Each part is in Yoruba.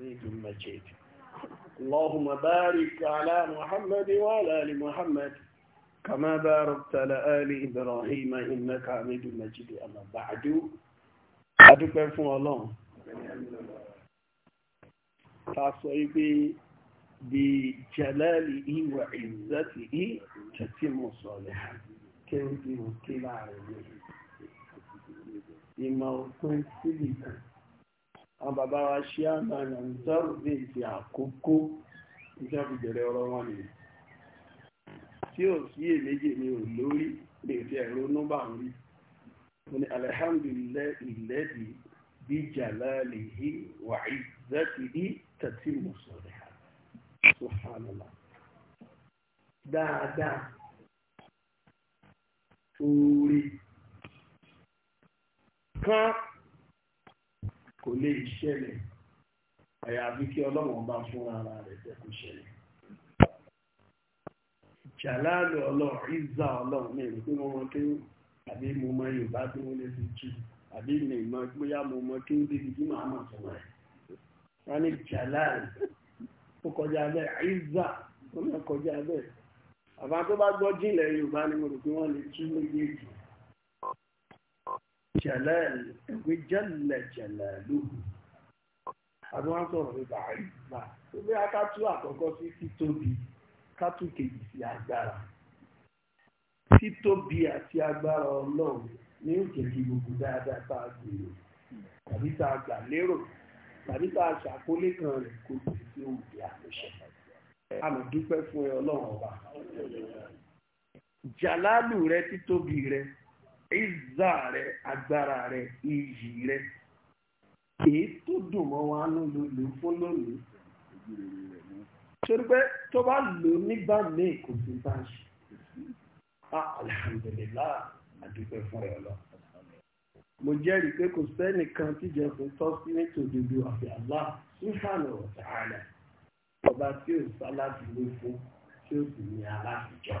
حميد مجيد اللهم بارك على محمد وعلى آل محمد كما باركت على آل إبراهيم إنك حميد مجيد أما بعد أدوك فو الله تصيبي بجلاله وعزته تتم صالحا كنت مطلع عليه إما كنت àwọn bàbá wa ṣí àmà nàìjíríà àkókò nígbà fi bẹ̀rẹ̀ ọ̀rọ̀ wọn nìyẹn tí ò sí èméjì ni ò lórí lè fi ẹ̀rọ nọ́mbà ń rí wọn ni alhamdulillah ìlẹ́bi bí jalalihi wa izzatihi tàtí mùsùlùmí subhanallah dáadáa orí kan kò lè ṣẹlẹ̀ àyàfi kí ọlọ́run bá fúnra ara rẹ̀ jẹ́ kó ṣẹlẹ̀ jàláàlù ọlọ́run ìzà ọlọ́run ní ìlú pé wọ́n mọ kí àbí mo mọ yorùbá tí wọ́n lè fi jù àbí mi mọ bóyá mo mọ kí ó débi bí màá mọ̀ fún rẹ̀ wọ́n ní jàláàlù ó kọjá bẹ́ẹ̀ ìzà ó lọ kọjá bẹ́ẹ̀ àbá tó bá gbọ́ jìnlẹ̀ yorùbá ni mo rò pé wọ́n lè tú méjèèjì jẹ̀lẹ́lì ẹ̀gbẹ́ jẹ́lẹ̀ jẹ̀lẹ́lù àbí wọ́n sọ̀rọ̀ ní bàárì náà tó bí akátú àkọ́kọ́ sí títóbi kátó kejì sí agbára títóbi àti agbára ọlọ́run ní òkèkè gbogbo dáadáa tá a gbèrò tàbí tá a gbà lérò tàbí tá a ṣàkólé kan rẹ̀ kó o sì sí òbí àmúṣe àmì dúpẹ́ fún ẹ ọlọ́run ọba jàlálù rẹ títóbi rẹ ìzà rẹ agbára rẹ iyì rẹ èyí tó dùn mọ́ wa ló lò lò fún lónìí torí pé tó bá lò nígbà míì kò sí bá ń ṣe alhamdulillah adúpẹ́ fún ẹ lọ mo jẹ́rìí pé kò sẹ́nìkan tíjẹ́ fún tọ́sí nítorí dodo àfi Allah subhanahu wa ta'ala ọba tí ò sálá ti lé fún tí ó sì ní aláfijọ́.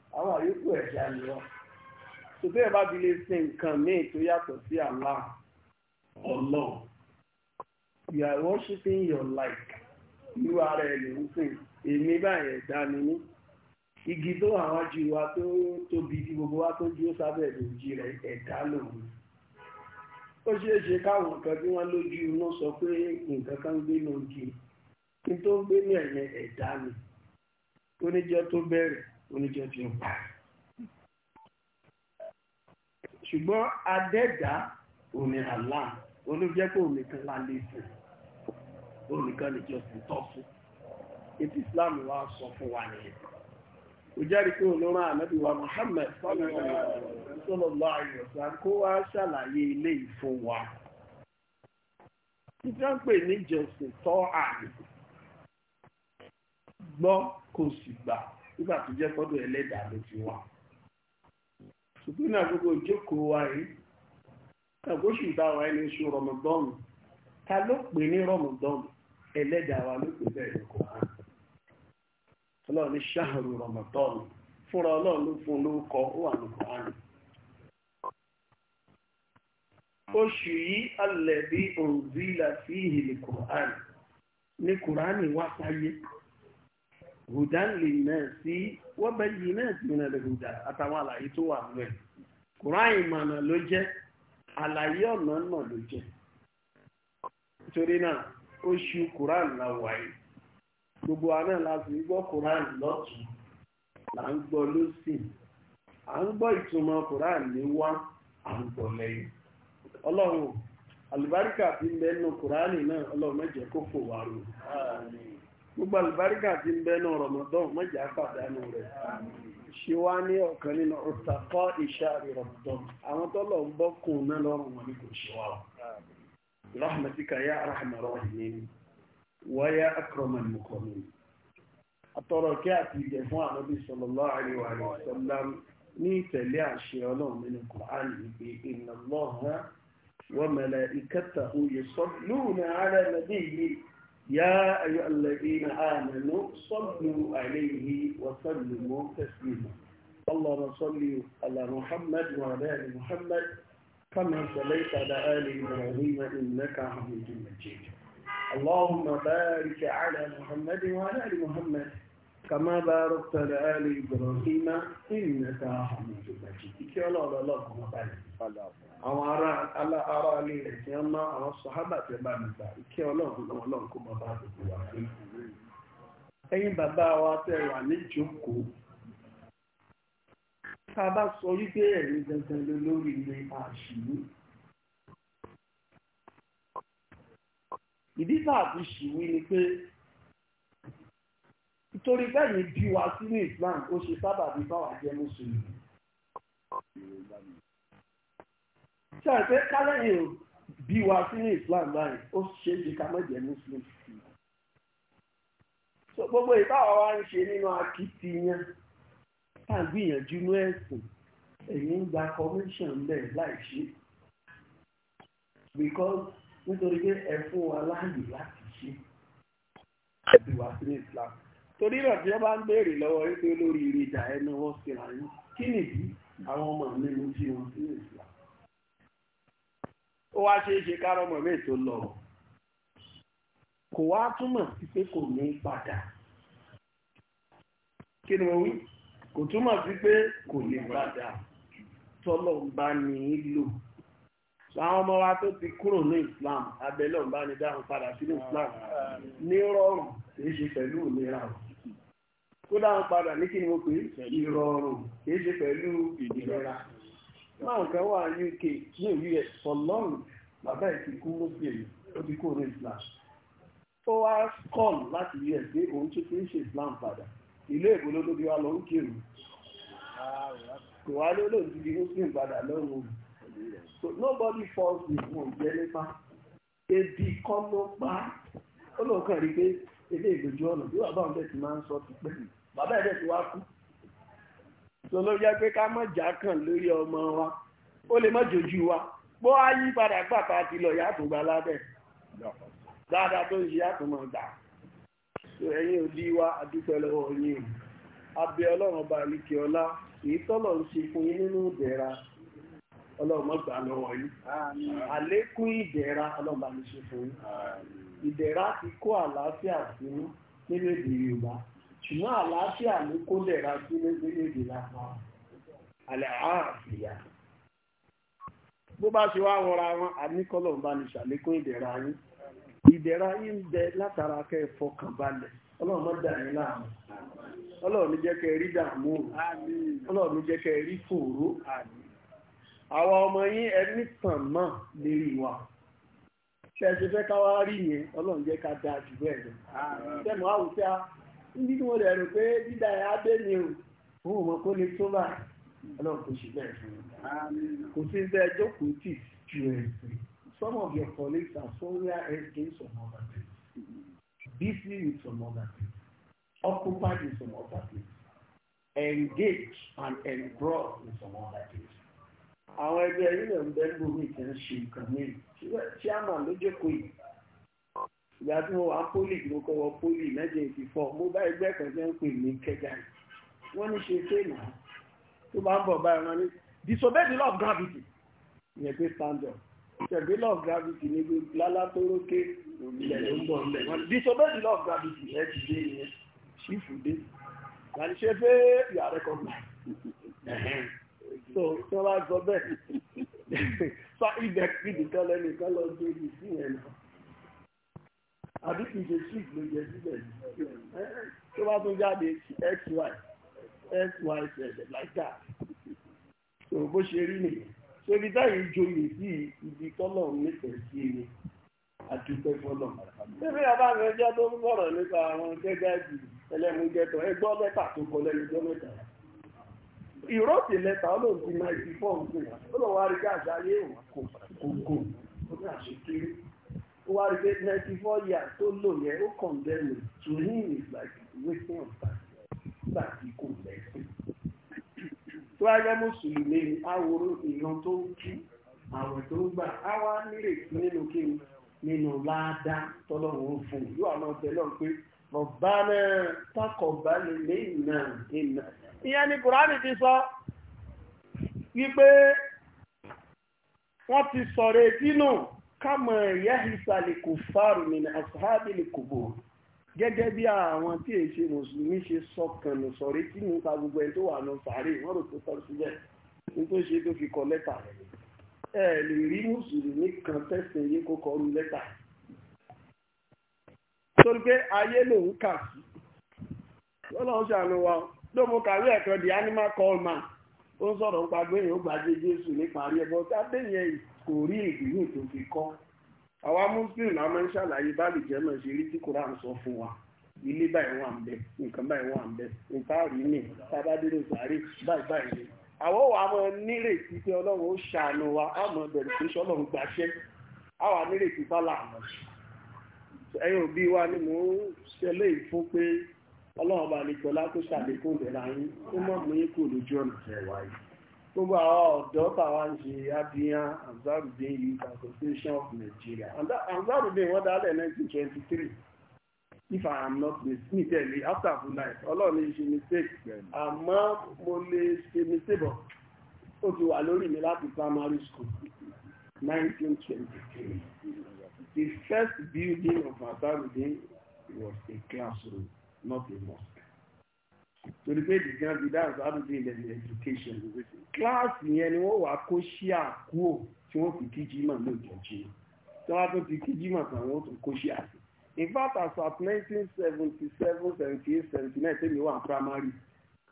àwọn àyókù ẹ̀dá ni wọ́n ṣùgbọ́n ẹ̀ bá fi lè sin nǹkan míì tó yàtọ̀ sí Allah Allah you are worshiping your like you are ẹ̀ ló ń sìn èmi báyìí ẹ̀dá ni mí igi tó àwọn ju wa tó tóbi tí gbogbo wa tó dúró sábẹ́ ìdòjì rẹ̀ ẹ̀dá lòun ó ṣeé ṣe káwọn kan tí wọ́n lójú inú sọ pé nǹkan kan gbé lóun kì í tó gbé ní ẹ̀yẹ ẹ̀dá ni oníjọ́ tó bẹ̀rẹ̀ oníjẹ́ ti ń pa ṣùgbọ́n adẹ́dá òní Allah olójẹ́ pé òní kan lálé fún òní kan lè tọ́ fún Islam wa sọ fún wa nìyẹn ó jẹ́rìí pé olóran wa Muhammad sallallahu alaihi ilé ìfún wa títí wọ́n pè ní tọ́ nígbà tó jẹ́ pọ́dọ̀ ẹlẹ́dàá ló ti wà ṣùgbọ́n náà gbogbo ìjókòó wa yìí kàgbóṣù ìdáwà ẹni oṣù rọmọdọ́nù ta ló pè ní ẹlẹ́dàá wa ló pè bẹ́ẹ̀ ní kòkòrò ọlọ́run ní ṣáàrù rọmọdọ́nù fúnra ọlọ́run ló fún lórúkọ ó wà ní kòkòrò oṣù yìí alẹ́bí òǹzílà sí ìhìlì ní hudan linnasi wa bayyinatin yi al-huda àtàwọn àlàyé tó wà nínú ẹ̀ kùrán ìmọ̀nà ló jẹ́ àlàyé ọ̀nà náà ló jẹ́ nítorí náà oṣù kùrán la wáyé gbogbo àná láti gbọ́ kùrán lọ́tún là ń gbọ́ lọ́sì à ń gbọ́ ìtumọ̀ kùrán ní wá à ń gbọ́ lẹ́yìn ọlọ́run àlùbáríkà fi ń bẹ́ẹ̀ nù kùránì náà ọlọ́run mẹ́jẹ̀ kó fò wá gbogbo àlùbáríkà ti ń bẹ́nu rọ̀mọ̀dán mọ́jà pàdánù rẹ̀ ṣe wá ní ọ̀kan nínú ọ̀tàkọ́ ìṣàrí rọ̀mọ̀dán àwọn tọ́lọ̀ ń bọ́ kùn náà lọ́rùn wọn ní kò ṣe wá rahmatika ya arhamar rahimin wa ya akramal mukramin àtọ̀rọ̀ kí àti ìdẹ̀ fún ànábì sallallahu alaihi wa sallam ní ìtẹ̀lé àṣẹ ọlọ́run nínú kùránì wípé inna Allaha wa malaikatahu yusalluna ala nabiyyi يا أيها الذين آمنوا صلوا عليه وسلموا تسليما اللهم صل على محمد وعلى آل محمد كما صليت على آل إبراهيم إنك حميد مجيد اللهم بارك على محمد وعلى آل محمد كما باركت لآل إبراهيم إنك حميد مجيد إكي الله الله الله كما بارك àwọn ará ará ilé rẹ̀ tí wọ́n ná àwọn sọ̀hábà tí bá mi gbà ìkẹ́ ọlọ́run náà ọlọ́run kó bá bá gbogbo wa sí. wa ìdí tá a fi ni nítorí bẹ́ẹ̀ bí wa sínú Islam ó ṣe sábàbí báwa jẹ́ mùsùlùmí. ṣe àìpé kálẹ̀yìn bí wa sínú Islam báyìí ó ṣe é ṣe ká má jẹ́ mùsùlùmí. gbogbo ìtawà wa ń ṣe nínú akitiyan tá a gbìyànjú ní ẹ̀sìn èyí ń gba commission bẹ́ẹ̀ láì ṣe because nítorí pé ẹ fún wa láàyè láti ṣe ẹ̀bí wa sínú Islam. torí rẹ̀ tí wọ́n bá ń béèrè lọ́wọ́ yìí pé lórí eré ìjà ẹni wọ́n ṣe rà yín kí nìdí àwọn ọmọ mi mú tí wọ́n sí ìsìlá. ó wá ṣeé ṣe káàrọ̀ ọmọ mi tó lọ kò wá túmọ̀ sí pé kò ní padà kí ni mo wí kò túmọ̀ sí ti kúrò ní Islam abẹ́lẹ̀ ń bá ní dáhùn padà Islam ní rọrùn ṣe kó dáhùn padà ní kí ni mo pè ìrọ̀rùn ṣe pẹ̀lú ìnira máa kan wà ní UK ní US for long bàbá ẹ̀ ti kú ó ti orí Islam ó wá kọ́ọ̀n láti US pé òun tó ti ń ṣe Islam padà ilé lọ ń kírun so nobody falls with one jẹ́ nípa ebi kọ́ ló pa ó kàn rí pé ilé ìgbèjọ́ ọ̀nà bí wàá bá wọn bẹ́ẹ̀ ti máa bàbá ẹ̀rẹ́ ti wá kú tó ló jẹ́ pé ká mọ̀ já kàn lórí ọmọ wa ó lè mọ̀ jojú wa bó á yí padà gbàtà ti lọ yàtò gba lábẹ́ dáadáa tó ń ṣe yàtò mọ̀ gbà tó ẹ̀yin ò dí wa àdúpẹ́ lọ́wọ́ yín abẹ ọlọ́run ọba àlìkè ọlá èyí tọ́lọ̀ ń ṣe fún yín nínú ìdẹ̀ra ọlọ́run má gbà lọ́wọ́ yín àlékún ìdẹ̀ra ọlọ́run bá mi ṣe fún yín ìdẹ̀ra ti kó àlàáfíà sínú nínú èdè Yorùbá ṣùgbọ́n àlàáfíà ló kó dẹ̀ra sí lórílẹ̀ lápá àlàáfíà bó bá ṣe wá wọra wọn àníkọ́lọ̀ bá ní ṣàlékún ìdẹ̀ra yín ìdẹ̀ra yín bẹ látara kẹ́ fọkàn balẹ̀ ọlọ́run má dà yín láàmú ọlọ́run jẹ́ kẹ́ rí dààmú ọlọ́run jẹ́ kẹ́ rí fòró ọmọ yín ẹni tàn lérí wa fẹ́ rí yẹn ọlọ́run jẹ́ ká dáa jù bẹ́ẹ̀ lọ níbi tí mo lè rò pé dídá ẹ̀ abẹ́ mi ò fún òun kó lè tó bá ọlọ́run kò sì bẹ́ẹ̀ fún un kò sí bẹ́ẹ̀ jókòó tì ju ẹ̀sìn some of your colleagues are foreign against some other things busy with some other things occupied with some other things engaged and engrossed with some other things àwọn ẹgbẹ́ yìí lè ń bẹ́ẹ̀ gbòmìnira ṣe nǹkan mìíràn chairman ló jókòó yìí ìgbà tí mo wà ń pólì mo kọ́ wọ pólì nineteen eighty four mo bá ẹgbẹ́ kan jẹ́ ń pè ní kẹjà yìí wọ́n ní ṣe ṣé nà tó bá ń bọ̀ báyìí wọ́n ní disobey the law of gravity ìyẹn pé stand up ṣẹ̀gbẹ́ law of gravity ní gbé lálá tó rókè ìlẹ̀ ló ń bọ̀ ńlẹ̀ wọ́n ní disobey the law of gravity ẹ̀ ti dé ìyẹn ṣífù dé kàní ṣe pé you are recognized so tí wọ́n bá sọ bẹ́ẹ̀ so ibẹ̀ kìdìkan lẹ́nìkan lọ gbé ibi sí yẹn náà àbí kì í ṣe six ló jẹ síbẹ̀ tó bá tún jáde xy xyz like that so bó ṣe rí nìyẹn so ibi táyìí joyè sí ibi tọ́lọ̀ nífẹ̀ẹ́ sí ni àdúpẹ́ fọlọ̀ bíbí abáàmì ẹjọ́ tó ń sọ̀rọ̀ nípa àwọn gẹ́gẹ́ bí ẹlẹ́mújẹtọ̀ ẹgbọ́ lẹ́tà tó kọ lẹ́nu ọjọ́ mẹ́ta ìrọ́ọ̀tì lẹ́tà ọlọ́ọ̀tì náà ti fọ́ọ̀mù sí wa ó lọ́wọ́ arígbà àṣà ayé òun kò kò ó ní àṣekéré wá rí pé ninety four years tó lò yẹn ó condemn it to him is like wasting of time nígbà tí kò lẹ́sìn. tó wá jẹ́ mùsùlùmí ni àwòrò ìran tó ń kí àwẹ̀ tó ń gbà á wá nírètí nínú kí nínú ládàá tọ́lọ́run ń fún un yóò àwọn ọ̀tẹ̀ náà pé Rabbana taqabbal minna ìnà. ìyẹn ni Kùránì ti sọ wípé wọ́n ti sọ̀rọ̀ ètí nù. kama yahisa lè kò fáàrù min asahabi lè kò gẹ́gẹ́ bí àwọn tí è ṣe mùsùlùmí ṣe sọkànnù sọ̀rí tí mo ta gbogbo ẹ tó wà nù sàárè wọ́n rò tó ní tó ṣe tó torí pé ayé lòun kà sí wa ló kàwé ẹ̀kan the animal call man ó ń sọ̀rọ̀ nípa ó gbàgbé Jésù kò rí èdè tó fi kọ́ àwa muslim la máa ń ṣàlàyé báàlì jẹ́mọ̀ ṣe rí tí koran sọ fún wa ilé báyìí wà ń bẹ nǹkan báyìí wà ń bẹ nǹkan sàárè báyìí báyìí ni àwọn wa máa nírètí pé ọlọ́run ó ṣàánú wa á wa ni mò ń ṣẹlẹ̀ pé ọlọ́run bá lè kó ṣàlékún ìbẹ̀rẹ̀ ayé ó mọ̀ yín gbogbo àwọn ọ̀dọ́ tàwa ń ṣe abiyan Ansarudeen Youth Association of Nigeria Ansarudeen wọ́n dálẹ̀ 1923 if I am not mistaken after full life ọlọ́run ní ṣe mistake àmọ́ mo lè ṣe mistake bọ̀ ó ti wà lórí mi láti primary school 1923 the first building of Ansarudeen was a classroom not a mosque torí pé the grand leader Ansarudeen is education with kíláàsì yẹn ni wọ́n wà kó ṣíà kúò tí wọ́n fi kí jímọ̀ lóòjọ́ jímọ̀ tí wọ́n tó ti kí jímọ̀ tán wọ́n tún kó ṣíà sí in fact as of nineteen seventy seven seventy eight seventy nine tèmi wà primary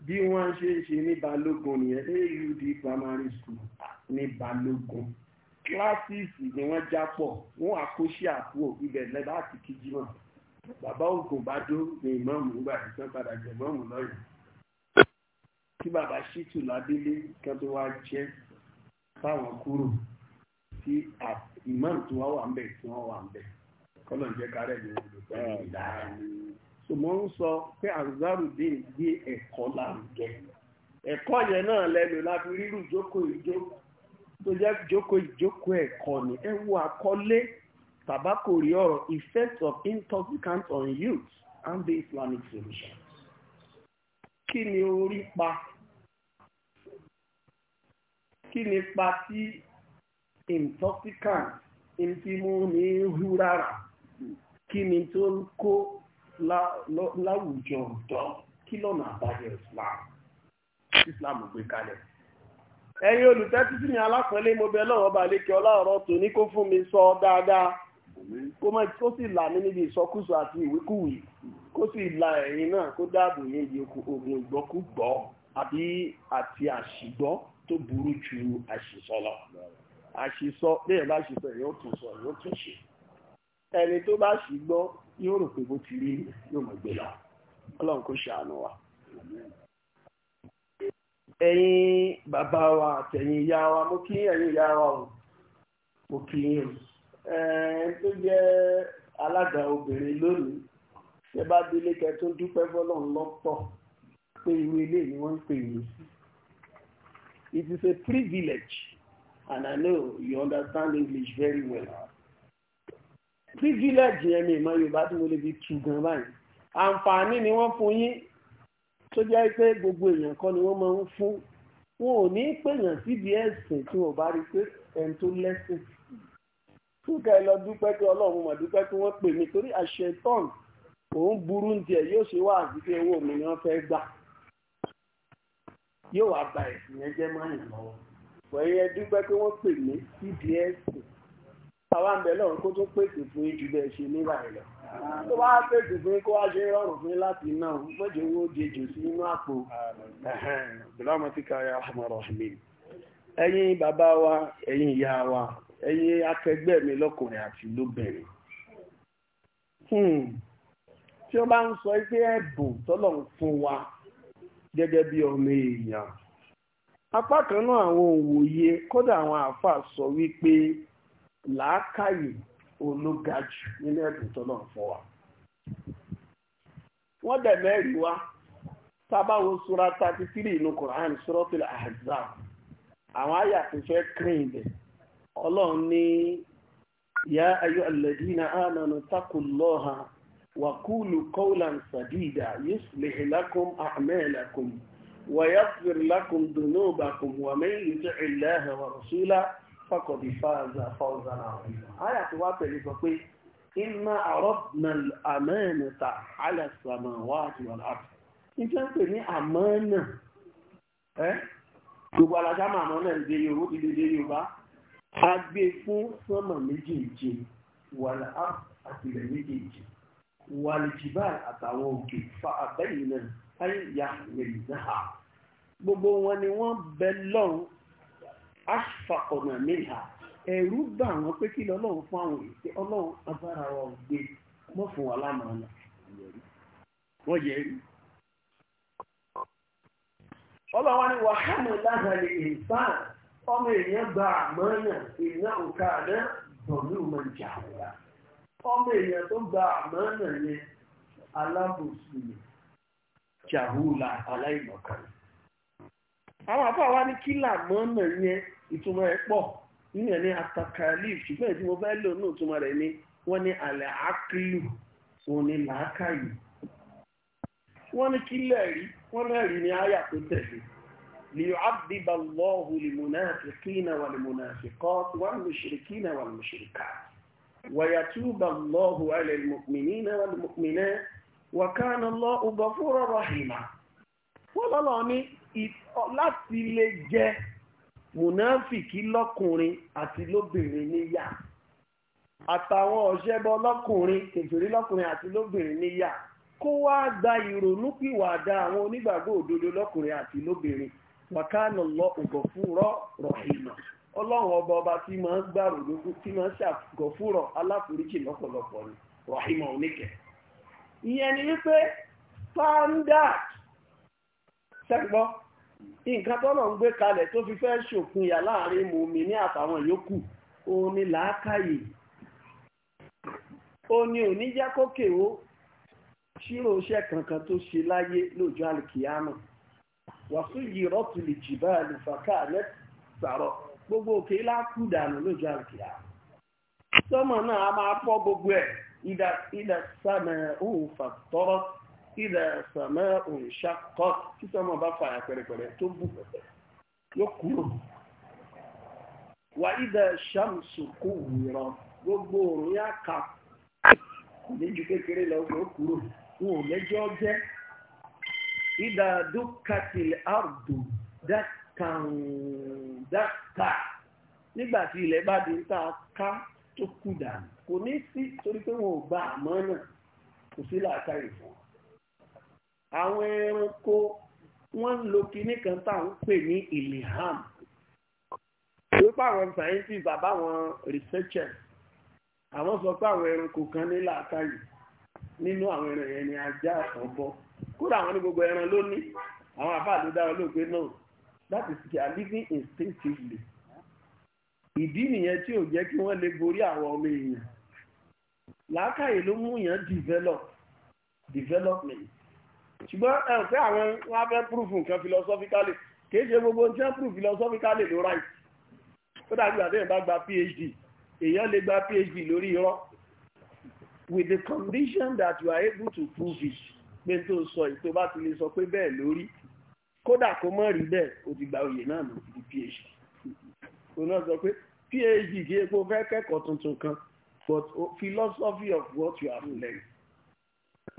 bí wọ́n ṣe ń ṣe ní balógun nìyẹn aud primary school ní balógun kíláàsìsì ni wọ́n já pọ̀ wọ́n wà kó ṣíà kúò ibẹ̀ lẹ́dá àti kí jímọ̀ bàbá ògùn bá dó ní ìmọ̀ọ̀mù nígbà tí wọ́n padà jẹ̀ mọ́ọ̀mù lọ́yọ̀ọ́ tí bàbá ṣítù ládélé kan tó wá jẹ́ táwọn kúrò tí imam tó wá wà ń bẹ̀ tí wọ́n wà ń bẹ̀ kọ́lọ̀ ń jẹ́ kárẹ̀ ní olùkọ́ ìdára ni. so mo ń sọ pé Ansarudeen gbé ẹ̀kọ́ lárugẹ ẹ̀kọ́ yẹn náà lẹ́nu láti rírù jókòó ìjó tó jẹ́ jókòó ìjókòó ẹ̀kọ́ ni ẹ wo àkọlé tàbákòrí ọ̀rọ̀ effects of intoxicants on youth and the Islamic solution kí ni orí pa kí ni pa tí intoxicant tí mo ní hú rárá kí ni tó ń kó láwùjọ ọ̀dọ́ kí lọ́nà àbájọ Islam Islam gbé kalẹ̀ ẹ̀yin olùtẹ́tí sí mi alápẹ̀lẹ́ mo bẹ lọ́wọ́ bá lékè ọláọ̀rọ̀ tò ní kó fún mi sọ dáadáa kó sì là mí níbi ìsọkúsọ àti ìwíkúwìí kó sì la ẹ̀yin náà kó dáàbò yín di ogun ìgbọ́kúgbọ́ àbí àti àṣìgbọ́ tó burú ju àṣìsọ lọ àṣìsọ bẹ́ẹ̀ bá ṣìsọ yóò tún sọ yóò tún ṣe ẹni tó bá ṣìgbọ́ yóò rò pé bó ti rí yóò mọ̀ gbé lọ ọlọ́run kó ṣàánú wa ẹ̀yin bàbá wa àtẹ̀yin ìyá wa mo kí ẹ̀yin ìyá wa o mo kí yín o tó jẹ́ alága obìnrin lónìí ṣé bá délé kẹ dúpẹ́ fọlọ́n lọ́pọ̀ pé irú ilé ni wọ́n ń pè mí it is a privilege and I know you understand English very well privilege yẹn mi ìmọ̀ Yorùbá tí mo lè fi tù gan báyìí àǹfààní ni wọ́n fún yín tó jẹ́ pé gbogbo èèyàn kọ́ ni wọ́n máa ń fún wọn ò ní pèèyàn síbi ẹ̀sìn tí wọ́n bá rí pé ẹni tó lẹ́sìn túkẹ́ lọ dúpẹ́ pé Ọlọ́run mà dúpẹ́ pé wọ́n pè mí torí àṣetán òun burú ní tiẹ̀ yóò ṣe wá àdúgbò owó mi ni wọ́n fẹ́ gbà yóò wá ba ẹ̀sìn yẹn jẹ́ mọ́ ìyàn lọ́wọ́ wẹ̀yẹ dúpẹ́ pé wọ́n pè mí ọ àwa ń bẹ lọ́run kó tó pèsè fún yín ju ọ nígbà yẹn lọ tó bá pèsè fún yín kó wá ṣe rọrùn fún yín láti náà mọ́jọ owó jejò sí inú àpò. bàbá wa ẹ̀yin ìyá wa akẹgbẹ́ mi lọ́kùnrin àti tí wọ́n bá ń sọ pé ẹ̀bùn tọ́lọ̀ ń fún wa gẹ́gẹ́ bí ọmọ èèyàn apá kan náà àwọn òwòye kódà àwọn àáfàá sọ wípé làákàyè ológajù nínú ẹ̀bùn tọ́lọ̀ ń fún wa wọ́n dẹ̀ mẹ́rin wá tábàwọ̀ sura thirty three inú Quran àwọn àyà tó fẹ́ bẹ̀ ọlọ́run وقولوا قولا سديدا يصلح لكم أعمالكم ويغفر لكم ذنوبكم ومن يطع الله ورسوله فقد فاز فوزا عظيما آية واتل فقي إنا عرضنا الأمانة على السماوات والأرض إن كانت أمانة إيه؟ gbogbo alájá màmá náà ń yorùbá ti dé yorùbá a fún sánmà méjèèjì wàlá àtìlẹ̀ méjèèjì wàlìjìbá àtàwọn òkè fa àbẹ́yìn náà ayíyá mẹ́lìdáhà gbogbo wọn ni wọ́n bẹ lọ́run aṣfa ọ̀nà mẹ́lìhà ẹ̀rú kí ọlọ́run wa ni ọmọ gba àmọ́ náà ìná òkà náà ọmọ èèyàn tó gba àmọ́nà yẹn alábòsùn jàhùlà aláìmọ̀kan àwọn àbá wa ní kí làmọ́nà yẹn ìtumọ̀ ẹ̀ pọ̀ nínú ẹ̀ ní atakalif ṣùgbọ́n ìdí mo fẹ́ lò ní ìtumọ̀ rẹ̀ ni wọ́n ní alẹ́ òun làákàyè wọ́n ní kí lẹ́rìí wọ́n lẹ́rìí àyà tó tẹ̀lé ويتوب الله على المؤمنين والمؤمنات وكان الله غفورا رحيما wọ́lọ́lọ́ ní láti lè jẹ mùnáfìkì lọ́kùnrin àti lóbìnrin níyà àtàwọn ọ̀ṣẹ́bọ lọ́kùnrin kèfèrí lọ́kùnrin àti lóbìnrin níyà kó wá gba ìrònúpìwàdà àwọn onígbàgbọ́ òdodo lọ́kùnrin àti lóbìnrin ọlọ́run ọba ọba tí ma ń gbàrò lógún tí ma ń ṣàgọ́fúrọ̀ aláforíjì lọ́pọ̀lọpọ̀ ni rahima oníkẹ́ ìyẹn ni wípé standard ṣẹ́gbọ́ nǹkan tọ́lọ̀ ń gbé kalẹ̀ tó fi fẹ́ ṣòpin yà láàrin mùmí ní àtàwọn yòókù òun ni làákàyè òní ní oníjákókè ó ṣírò iṣẹ́ kankan tó ṣe láyé lọ́jọ́ alìkìyàmọ̀ wàásù yìí rọ́tùlì jìbá àlùfàkà lẹ́sàrọ̀ gbogbo òkè lákú dànù lójú àkìyà sọmọ náà a máa fọ́ gbogbo ẹ̀ ìdà sàmẹ òun fàtọrọ ìdà sàmẹ òun ṣàkọ tí sọmọ bá fàyà pẹrẹpẹrẹ tó bù pẹpẹ yóò kúrò wà ìdà ṣàmùsù kò wúrọ gbogbo òun yá kà níjú kékeré lọ gbọ kúrò wọn ò lẹ́jọ́ jẹ ìdà dúkàtìlẹ àrùdù dàtí kàǹdàkà nígbà tí ilẹ̀ bá di ta ká tó kù dànù kò ní sí torí pé wọn ò gba àmọ́ náà kò sí làákàyè fún wọn. àwọn ẹranko wọ́n ń lo kinní kan tá à ń pè ní ilham wípé àwọn scientists àbáwọn researchers àwọn sọ pé àwọn ẹranko kan ní làákàyè nínú àwọn ẹran yẹn ni ajá ọ̀bọ kódà àwọn ní gbogbo ẹran ló àwọn àbá ló dára lóògbé náà that is they are living instinctively ìdí nìyẹn tí ò jẹ́ kí wọ́n lè borí àwọn ọmọ èèyàn làákàyè ló mú yàn develop development ṣùgbọ́n ẹ ò fẹ́ àwọn wọn fẹ́ proof nǹkan philosophically kìí ṣe gbogbo ohun tí wọ́n proof philosophically ló right ó dàbí àdéhùn bá gba phd èèyàn lè gba phd lórí irọ́ with the condition that you are able to prove it pé tó sọ ìtò bá ti lè sọ pé bẹ́ẹ̀ lórí kódà kó mọ́ rí bẹ́ẹ̀ ó ti gba oyè náà lọ sí phd ó náà sọ pé phd kì í kó fẹ́ kẹ́kọ̀ọ́ tuntun kan but philosophy of what you have learned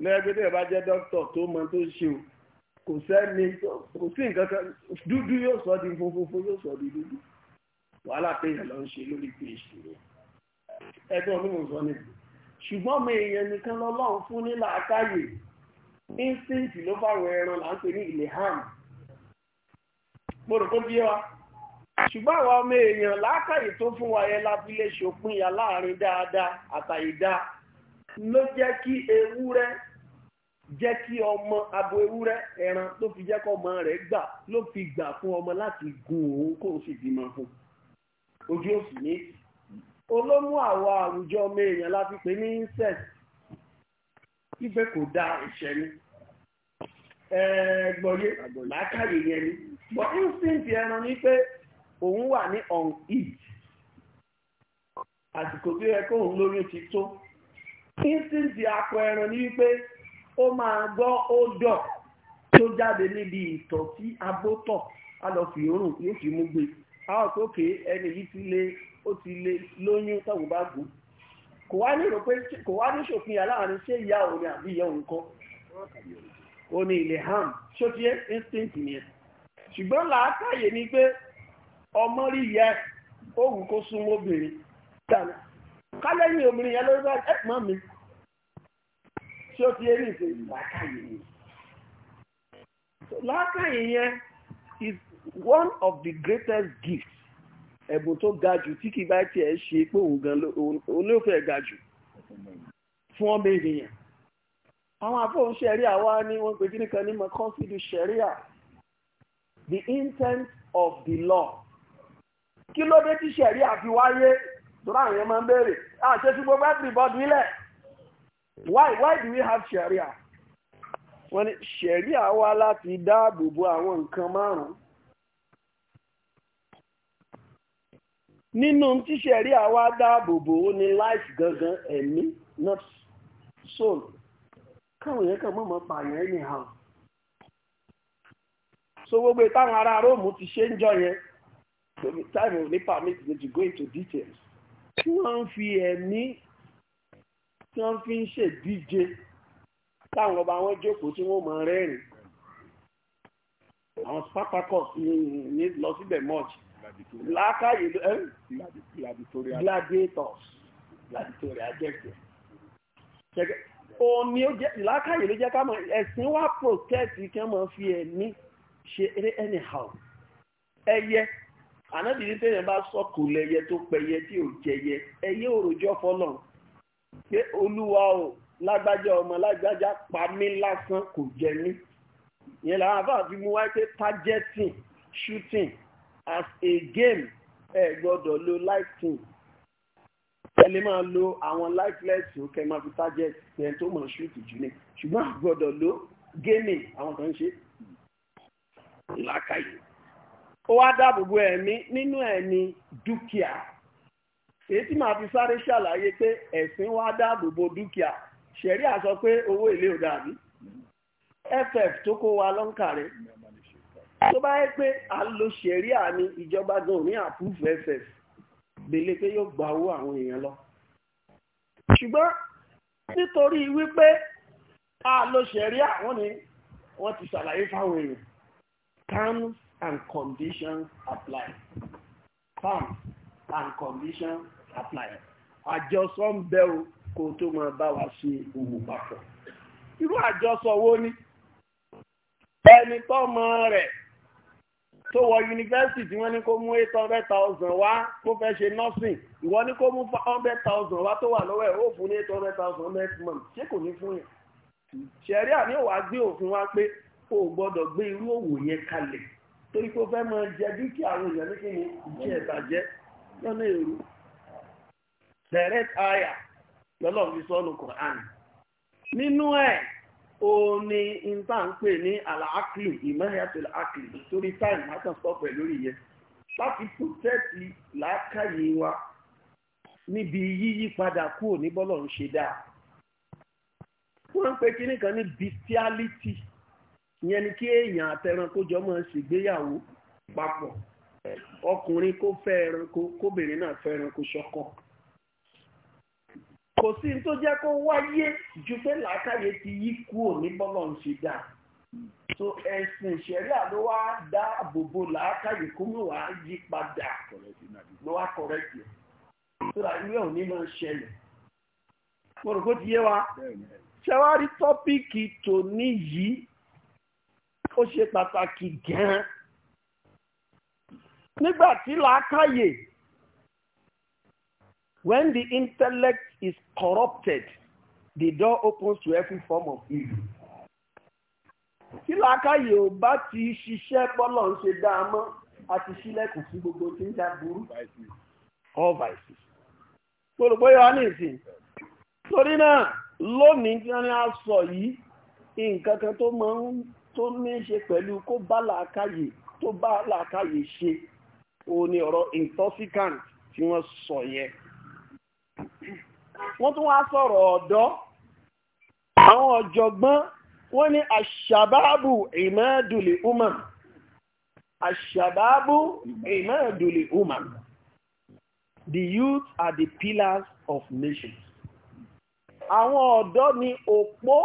lẹ́gbẹ̀dẹ̀ bá jẹ́ dókítà tó mọ tó ṣe o kò sẹ́ni kò sí nǹkan kan dúdú yóò sọ di funfun yóò sọ di dúdú wàhálà téèyàn lọ ń ṣe lórí phd rẹ ẹgbẹ́ onímọ̀ sọ ni ṣùgbọ́n ọmọ èèyàn nìkan lọ́lọ́run fún ní làákàyè instinct ló fàwọn ẹran là ń pè ní ilẹ̀ hàn gbọ́dọ̀ tó wa ṣùgbọ́n àwa ọmọ èèyàn láákàyè tó fún wa yẹn láti ṣòpin láàrin dáadáa àtàyèdá ló jẹ́ kí ewúrẹ́ jẹ́ kí ọmọ abo ewúrẹ́ ẹran ló fi jẹ́ ọmọ rẹ̀ gbà ló fi gbà fún ọmọ láti gun òun kó o sì bímọ fún ojú òsì ní olómú àwa àwùjọ ọmọ èèyàn la fi pè ní incest kò da ìṣẹ́ ni ni. but instinct ẹran ni òun wà ní on it àsìkò tó yẹ kóun lórí ti tó instinct akọ ẹran ni ó máa gbọ́ tó jáde níbi ìtọ̀ tí abó tọ̀ a lọ fi òórùn yóò fi mú gbé àwọn tó ké ẹni yìí ti lé ó ti lé lóyún táwọn bá gùn kò wá ní pé kò wá ṣùgbọ́n làákàyè ni pé ọmọ rí yẹ òun kó súnmọ́ obìnrin dànù kálẹ́yìn obìnrin yẹn lórí báyìí ẹ̀gbọ́n mi tí ó ti eré ìpè làákàyè yẹn làákàyè yẹn is one of the greatest gifts ẹ̀bùn tó ga jù tí kì bá tiẹ̀ ṣe pé òun gan olóòfẹ́ ga jù fún ọmọ ènìyàn àwọn afọ́hún ṣẹ̀ríà wá ní wọ́n pè kí nìkan ní mọ́ constitution ṣẹ̀ríà the intent of the law kí ló dé tí sẹ̀rí àfi wáyé tó láwọn èèyàn máa ń béèrè àṣẹ tí gbogbo everybody nílẹ̀ why why do we have sharia wọ́n ní sharia wá láti dáàbò bo àwọn nǹkan márùn-ún nínú tí sharia wá dáàbò bo ó ní life gangan ẹ̀mí not soul káwọn èèyàn kàn mọ̀ mọ́ pààyàn anyhow. so gbogbo táwọn ará róòmù ti ṣe ń jọ yẹn lórí time ò ní permit me to go into details tí wọ́n ń fi ẹ̀mí tí wọ́n fi ń ṣèdíje táwọn ọba wọn jókòó tí wọ́n mọ rẹ́rìn àwọn spartacus ní lọ síbẹ̀ much lákàyè gladiators gladiatorial adjective ó ní ó jẹ́ lákàyè ló jẹ́ ká mọ̀ ẹ̀sìn wá protest kí wọ́n fi ẹ̀mí. E ṣe eré anyhow ẹyẹ ànábìrin téèyàn bá sọkò lẹyẹ tó pẹyẹ tí ò jẹyẹ ẹyẹ òròjọ fọlọ pé olúwa o lágbájá ọmọ lágbájá pa mí lásán kò jẹ mí yẹn làwọn afáàfin mú wáyé pé targeting shooting as a game ẹ gbọ́dọ̀ lo lighting ẹ lè máa lo àwọn lifeless ó kẹ máa fi target ẹni tó mọ̀ shoot jù ní ṣùgbọ́n àgbọ́dọ̀ lo gaming àwọn kan ń ṣe làákàyè ó wá dáàbò bo ẹ̀mí nínú ẹ̀ ní dúkìá èyí tí màá fi sáré ṣàlàyé pé ẹ̀sìn wá dáàbò bo dúkìá ṣẹ̀rí àsọ pé owó èlé ò dàbí ff tó kó wa lọ́nkà rẹ̀ tó bá yẹ pé à ń lo ṣẹ̀rí àní ìjọba gan ní àpúfù ff gbélé pé yóò gba owó àwọn èèyàn lọ ṣùgbọ́n nítorí wípé a lo ṣẹ̀rí àwọn ni wọ́n ti ṣàlàyé fáwọn èèyàn terms and conditions apply terms and conditions apply àjọsọ ń bẹ o kó tó máa bá wa ṣe òwò papọ̀ irú àjọsọ wo ni ẹni tọ́mọ rẹ̀ tó wọ yunifásitì tí wọ́n ní kó mú eight hundred thousand wá kó fẹ́ ṣe nursing ìwọ ní kó mú five hundred thousand wá tó wà lọ́wọ́ ẹ̀ ó fún ní eight hundred thousand next month ṣé kò ní fún yẹn ṣẹ̀rí àní ò wá gbé òfin wá pé o gbọdọ gbé irú òwò yẹn kalẹ̀ torí pé o fẹ́ máa jẹ dúkìá àwọn èèyàn ní kíni ìjẹ́ ìbàjẹ́ lọ́nà èrú direct hire lọ́lọ́run fi sọ́nù Quran nínú ẹ̀ o ní nta ń pè ní alaakili ìmọ̀yàtọ̀ alaakili torí táìmù látàn sọ́pẹ̀ lórí yẹn láti pòtẹ́ẹ̀tì làákàyè wa níbi yíyí padà kúrò ní bọ́lọ̀ ń ṣe dáa wọ́n ń pe kínní kan ní bestiality ìyẹn ni kí èèyàn àtẹranko jọ máa ṣègbéyàwó papọ̀ ọkùnrin kó fẹ́ ẹranko kóbìnrin náà fẹ́ ẹranko ṣọkọ kò sí tó jẹ́ kó wáyé ju pé làákàyè ti yí kúrò ní bọ́lọ̀ ń ṣe dáa so ẹ̀sìn ìṣẹ̀ríà ló wá dá àbòbò làákàyè kó mú wàá yí padà ló wá kọ̀rẹ́tì ẹ̀ sódà ilé òní máa ṣẹlẹ̀ mo rò kó ti yé wa ṣe wá rí tọ́píìkì tòní yìí ó ṣe pàtàkì gan-an nígbà làákàyè when the intellect is corrupted the door opens to every form of evil tí làákàyè ò bá ti ṣiṣẹ́ bọ́lọ̀ ń ṣe dáa mọ́ àti ṣílẹ̀kùn sí gbogbo tí ń dá burú all vices gbogbo yóò wá ní torí náà lónìí tí wọ́n ní sọ yìí nǹkan kan tó máa ń tó ní ṣe pẹ̀lú kó bá làákàyè tó bá làákàyè ṣe òun ni ọ̀rọ̀ intoxicant tí wọ́n sọ yẹn. wọ́n tún wá sọ̀rọ̀ ọ̀dọ́ àwọn ọ̀jọ̀gbọ́n wọ́n ní àṣàbábù ìmọ̀ẹ́dùlẹ̀ umà àṣàbábù ìmọ̀ẹ́dùlẹ̀ umà the youth are the pillars of nations. àwọn ọ̀dọ́ ni òpó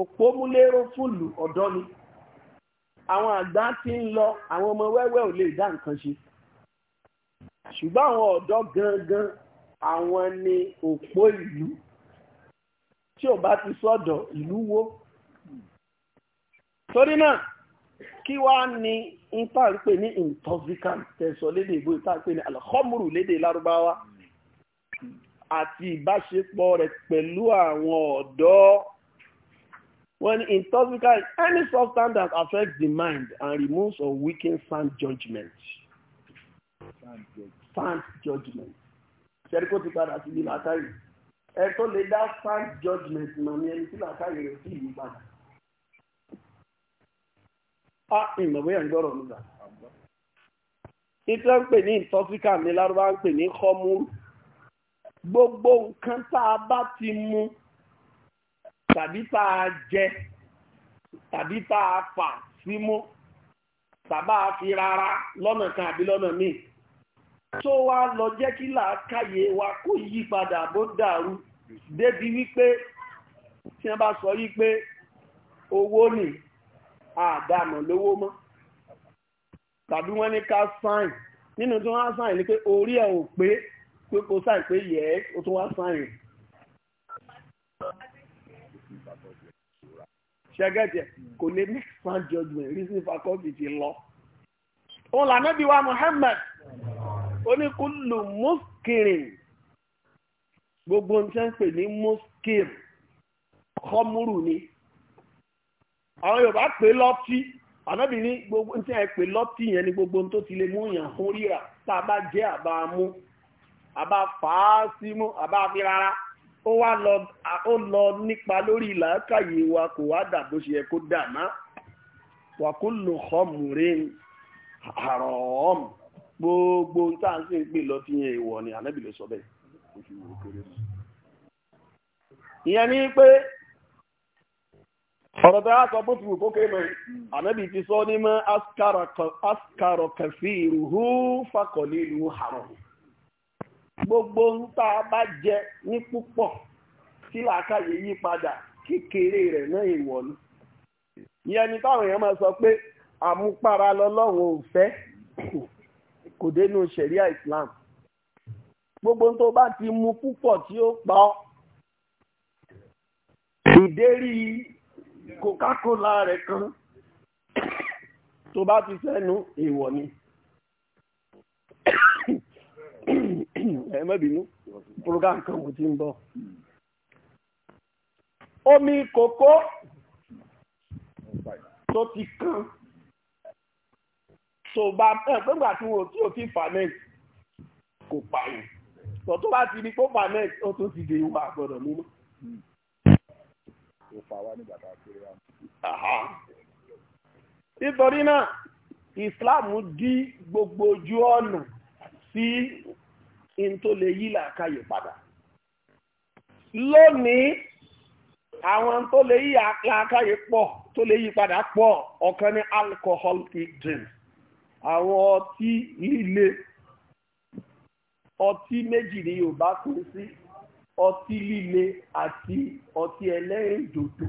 òpó múlẹ́rọ́ fúlù ọ̀dọ́ ni àwọn àgbà ti ń lọ àwọn ọmọ wẹ́wẹ́ ò lè dá nǹkan ṣe ṣùgbọ́n àwọn ọ̀dọ́ gangan àwọn ni òpó ìlú tí ò bá ti sọ́dọ̀ ìlú wó torí náà kí wá ní ìtàǹpé ní intoxicant tẹ̀sọ̀ lédè ìbò ìtàǹpé ní alhamuru lédè lárúbáwá àti ìbáṣepọ̀ rẹ̀ pẹ̀lú àwọn ọ̀dọ́ When intoxicated, any substance that affects the mind and removes or weakens sound judgment. Sound judgment. Ṣẹ́ríkó ti padà sí ibi látàrí. Ẹ tó lè dá sound judgment mọ̀ ní ẹni tí látàrí rẹ̀ sí ìlú padà. Á ìmọ̀ bóyá ń gbọ́rọ̀ nígbà. Ìtọ́ ń pè ní intoxicant ní Lárúbá ń pè ní kọ́múrù. Gbogbo nǹkan tá a bá ti mu tàbí tá a jẹ tàbí tá a fà símú tàbá a fi rárá lọ́nà kan àbí lọ́nà míì tó wá lọ jẹ́ kí làákàyè wa kó yí padà bó dàrú débi wípé tí wọ́n bá sọ yí pé owó ni àdàmọ̀ lówó mọ́ tàbí wọ́n ní ká sáìn nínú tí wọ́n á sáìn ni pé orí ẹ̀ ò pé pé kó sáìn pé yẹ ó tún wá sáìn ṣẹgẹtì kò lè make sound judgment reason faculty ti lọ. òun lànà bí wa Muhammad oníkùlù muskirin gbogbo ohun tí ń pè ní muskir kọmúrù ni àwọn Yorùbá pè lọ́tí ànábìíní gbogbo ohun tí wọ́n pè lọ́tí yẹn ni gbogbo ohun tó ti lè mú yàn fún rírà tá a bá jẹ́ àbá mú àbá fàá sí mú àbá fi rárá. ó wá lọ ó lọ nípa lórí làákàyè wa kò wá dà bó ṣe yẹ kó dà má wà kó lò gbogbo tá à ń lọ fi ìwọ ni ànábì ló sọ bẹ́ẹ̀. ìyẹn ni pé ọ̀rọ̀ sọ bó ti wù mọ́ ànábì ti sọ ní mọ́ kẹfì gbogbo ń tá a bá jẹ ní púpọ̀ tí làákàyè yí padà kékeré rẹ̀ náà èèwọ̀ ni ìyẹn ni táwọn èèyàn máa sọ pé àmupara lọlọ́run ò fẹ́ kò dénú ṣẹ̀ríà Islam gbogbo tó bá ti mu púpọ̀ tí ó pa ọ́ ìdérí Coca-Cola rẹ̀ kan tó bá ti sẹ́nu èèwọ̀ ni. ẹ má bínú program kan kò ti ń bọ̀. omi kòkó tó ti kán tó bá pẹ́gbà tí wọn tí ò ti ferment kò pààyàn tó tó bá ti di kó ferment ó tó ti dé ìwà àgbọ̀dọ̀ mímọ́. nítorí náà Islam dí gbogbo ojú ọ̀nà sí in tó lè yí làákàyè padà lónìí àwọn tó lè yí làákàyè pọ̀ tó lè yí padà pọ̀ ọ̀kan ní alcoholic drink àwọn ọtí líle ọtí méjì ni Yorùbá pín sí ọtí líle àti ọtí ẹlẹ́rìndòdò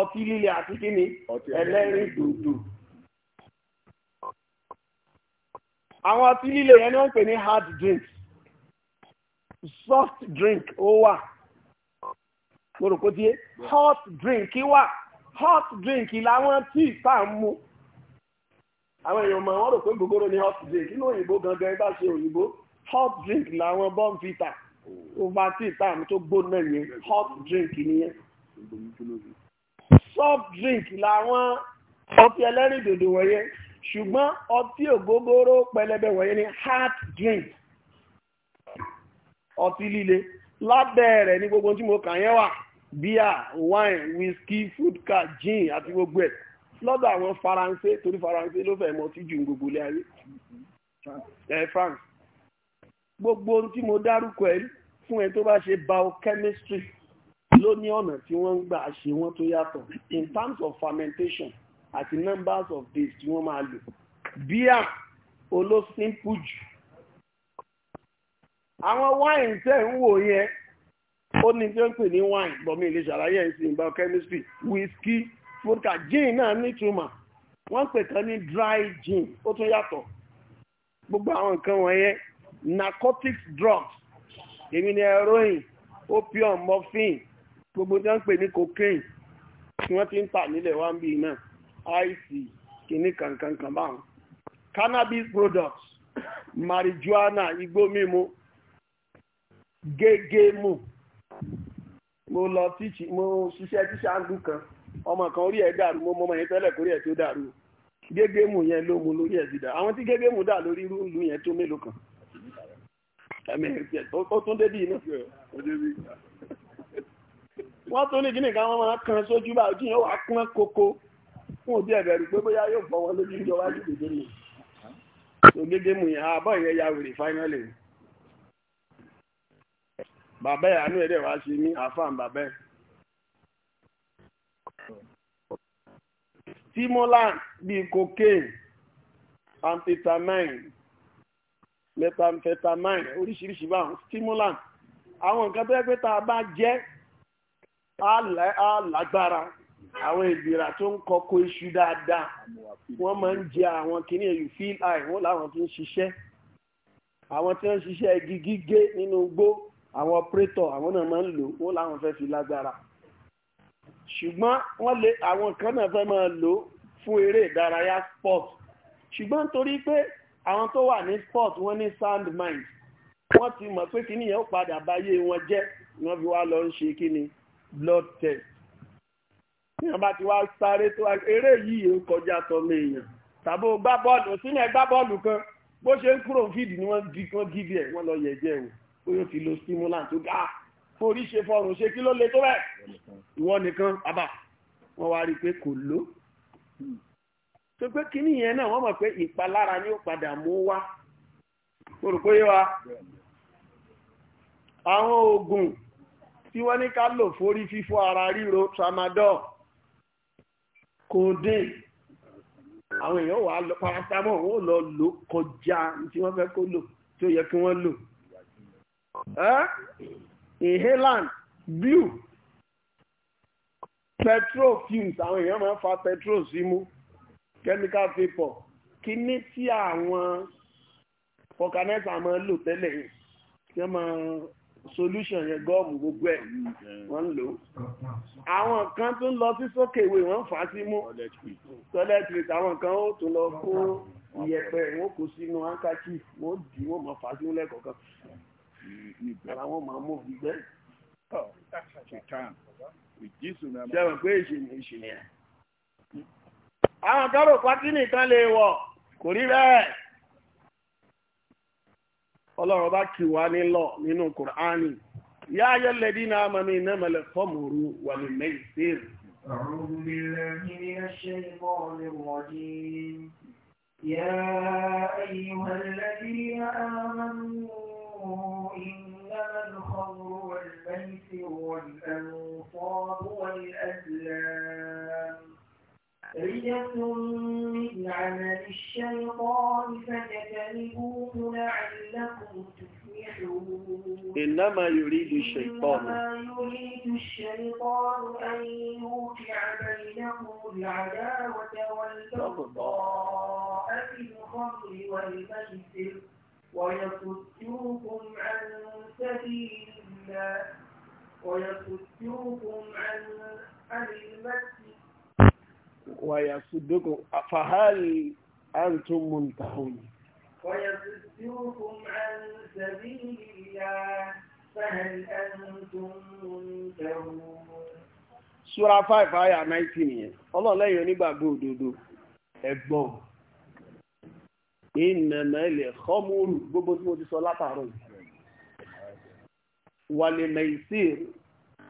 ọtí líle àti kíni ẹlẹ́rìndòdò. àwọn ọtí líle yẹn ni wọ́n pè ní hard drinks soft drink ó wà mo rò kó tiẹ̀ hot drink wà hot drink làwọn tíì tá à ń mu àwọn èèyàn mọ̀ wọ́n rò pé gbogbo ní hot drink inú òyìnbó gangan bá ṣe òyìnbó hot drink làwọn bọ́ǹfìtà overtake time tó gbóná yẹn hot drink nìyẹn soft drink làwọn ọtí ẹlẹ́rìndòdò wọ̀nyẹn ṣùgbọ́n ọtí ògógóró pẹlẹbẹ wọ̀nyí ni hard drink ọtí líle lábẹ́ rẹ̀ ní gbogbo tí mo kà yẹn wà bíà wine whisky vodka gin àti gbogbo ẹ̀ lọ́dọ̀ àwọn faransé torí faransé ló fẹ́ mọ ọtí jù gbogbo ilé ayé ẹ̀ eh, France gbogbo tí mo dárúkọ ẹ̀ fún ẹ tó bá ṣe biochemistry ló ní ọ̀nà tí wọ́n ń gbà ṣe wọ́n tó yàtọ̀ in terms of fermentation àti numbers of days tí wọ́n máa lò bíà olóṣìńpù jù àwọn wáìn tẹ̀ ń wò yẹn ó ní tí ó ń pè ní wáìn bọ̀mí ilé ṣàlàyé ẹ̀sìn ìgbà chemistry whisky vodka gin náà nítumọ̀ wọ́n pè kan ní dry gin ó tún yàtọ̀ gbogbo àwọn nǹkan wọ̀nyẹn narcotics drugs èmi ni heroin opium morphine gbogbo tí wọ́n pè ní cocaine tí wọ́n ti ń tà nílẹ̀ wá ń bí náà ic kìíní kankankan báwọn cannabis products marijuana igbó mímu mo lọ mo ṣiṣẹ́ tíṣà ń kan ọmọ kan orí ẹ̀ dàrú mo mọmọ yẹn tẹ́lẹ̀ kórè ẹ̀ tó dàrú gégé mu yẹn ló mu lórí ẹ̀ ti dà àwọn tí mu dà lórí irú ìlú yẹn tó kan wọ́n tún ní kan kan sójú báyìí ojú yẹn wà koko. fún òbí ẹ̀bẹ̀ rí pé bóyá yóò fọ́ wọn lójú ìjọba dìde nù ògèdè mu yẹn àbọ̀ yẹn ya wèrè fáínálì bàbá yẹn àánú ẹ̀dẹ̀ wá sí ní àfáàn bàbá yẹn. stimulant bíi cocaine amphetamine methamphetamine oríṣiríṣi báwọn stimulant àwọn nǹkan tó yẹ pé tá a bá jẹ́ á àwọn ìbìrà tó ń kọkọ iṣu dáadáa wọ́n máa ń jẹ àwọn kìíní èyí feel high wọ́n láwọn tó ń ṣiṣẹ́ àwọn tí wọ́n ń ṣiṣẹ́ igi gígé nínú igbó àwọn operator àwọn náà máa ń lò wọ́n láwọn fẹ́ fi lágbára ṣùgbọ́n wọ́n lè àwọn kan náà fẹ́ máa lò fún eré ìdárayá sport ṣùgbọ́n torí pé àwọn tó wà ní sport wọ́n ní sound mind wọ́n ti mọ̀ pé kíní yẹn ó padà báyé wọn jẹ́ wọ́n fi wá lọ ń ṣe kíni blood test èèyàn bá ti wá sáré tó eré yìí ń kọjá tọmọ èèyàn tàbí ó gbá bọ́ọ̀lù sínú ẹ̀ gbá bọ́ọ̀lù kan bó ṣe ń kúrò fíìdì ni wọ́n di kan gíbi ẹ̀ wọ́n lọ yẹ̀jẹ̀ wò ó yóò ti lo stimulant tó ga forí ṣe fọrùn ṣe kí ló le tó bẹ́ẹ̀ ìwọ nìkan bàbá wọ́n wá rí i pé kò ló tó pé kíní yẹn náà wọ́n mọ̀ pé ìpalára ni ó padà mú wá mo rò pé yé wa àwọn oògùn tí wọ́n ní ká lò forí fífọ́ ara ríro tramadol codeine àwọn èèyàn wà lọ paracetamol wọn ò lọ lò kọjá tí wọ́n fẹ́ kó lò tí ó yẹ kí wọ́n lò inhalant blue petrol fumes àwọn èèyàn máa ń fa petrol símú chemical vapour kíní tí àwọn fọkànẹ́sà máa ń lò tẹ́lẹ̀ yìí tí wọ́n máa solution yẹn gọ́ọ̀mù gbogbo ẹ̀ wọ́n ń lò ó. àwọn kan tún lọ sí sókè ìwé wọ́n fà á sí mú toilet paper àwọn kan ó tún lọ kó iyẹ̀pẹ̀ wọ́n kó sínú handkerchief wọ́n dì wọ́n mọ̀ fà á sí mú lẹ́kọ̀ọ̀kan. ara wọn máa mú gbígbẹ́. sẹ́wọ̀n pé ìṣìnà ìṣìnà. àwọn kan rò pátí nìkan lè wọ̀ kò rí bẹ́ẹ̀ ọlọ́run bá kì wá nílọ nínú kùránì yá ayẹ́lẹ̀ dínà àmàmì iná mẹ́lẹ̀ fọ́mùrú wà ní mẹ́sìr أعوذ بالله من الشيطان الرجيم يا أيها الذين آمنوا إنما الخمر والميسر والأنصاب والأزلام رجس من عمل الشيطان لعلكم تفلحون إنما يريد الشيطان يريد الشيطان أن يوقع بينهم العداوة والبغضاء في الخمر والميسر ويصدوكم عن سبيل الله ويصدوكم عن عن المسجد ويصدكم فهل أنتم منتهون ويصدكم عن سبيل الله فهل أنتم منتهون Súra 5 àyà 19 yẹn, ọlọ́run lẹ́yìn onígbàgbọ́ òdodo, ẹ̀gbọ́n, ìnànà ilẹ̀ kọ́múrù gbogbo tí mo ti sọ látàárọ̀. Wàlẹ̀ mẹ̀síìrì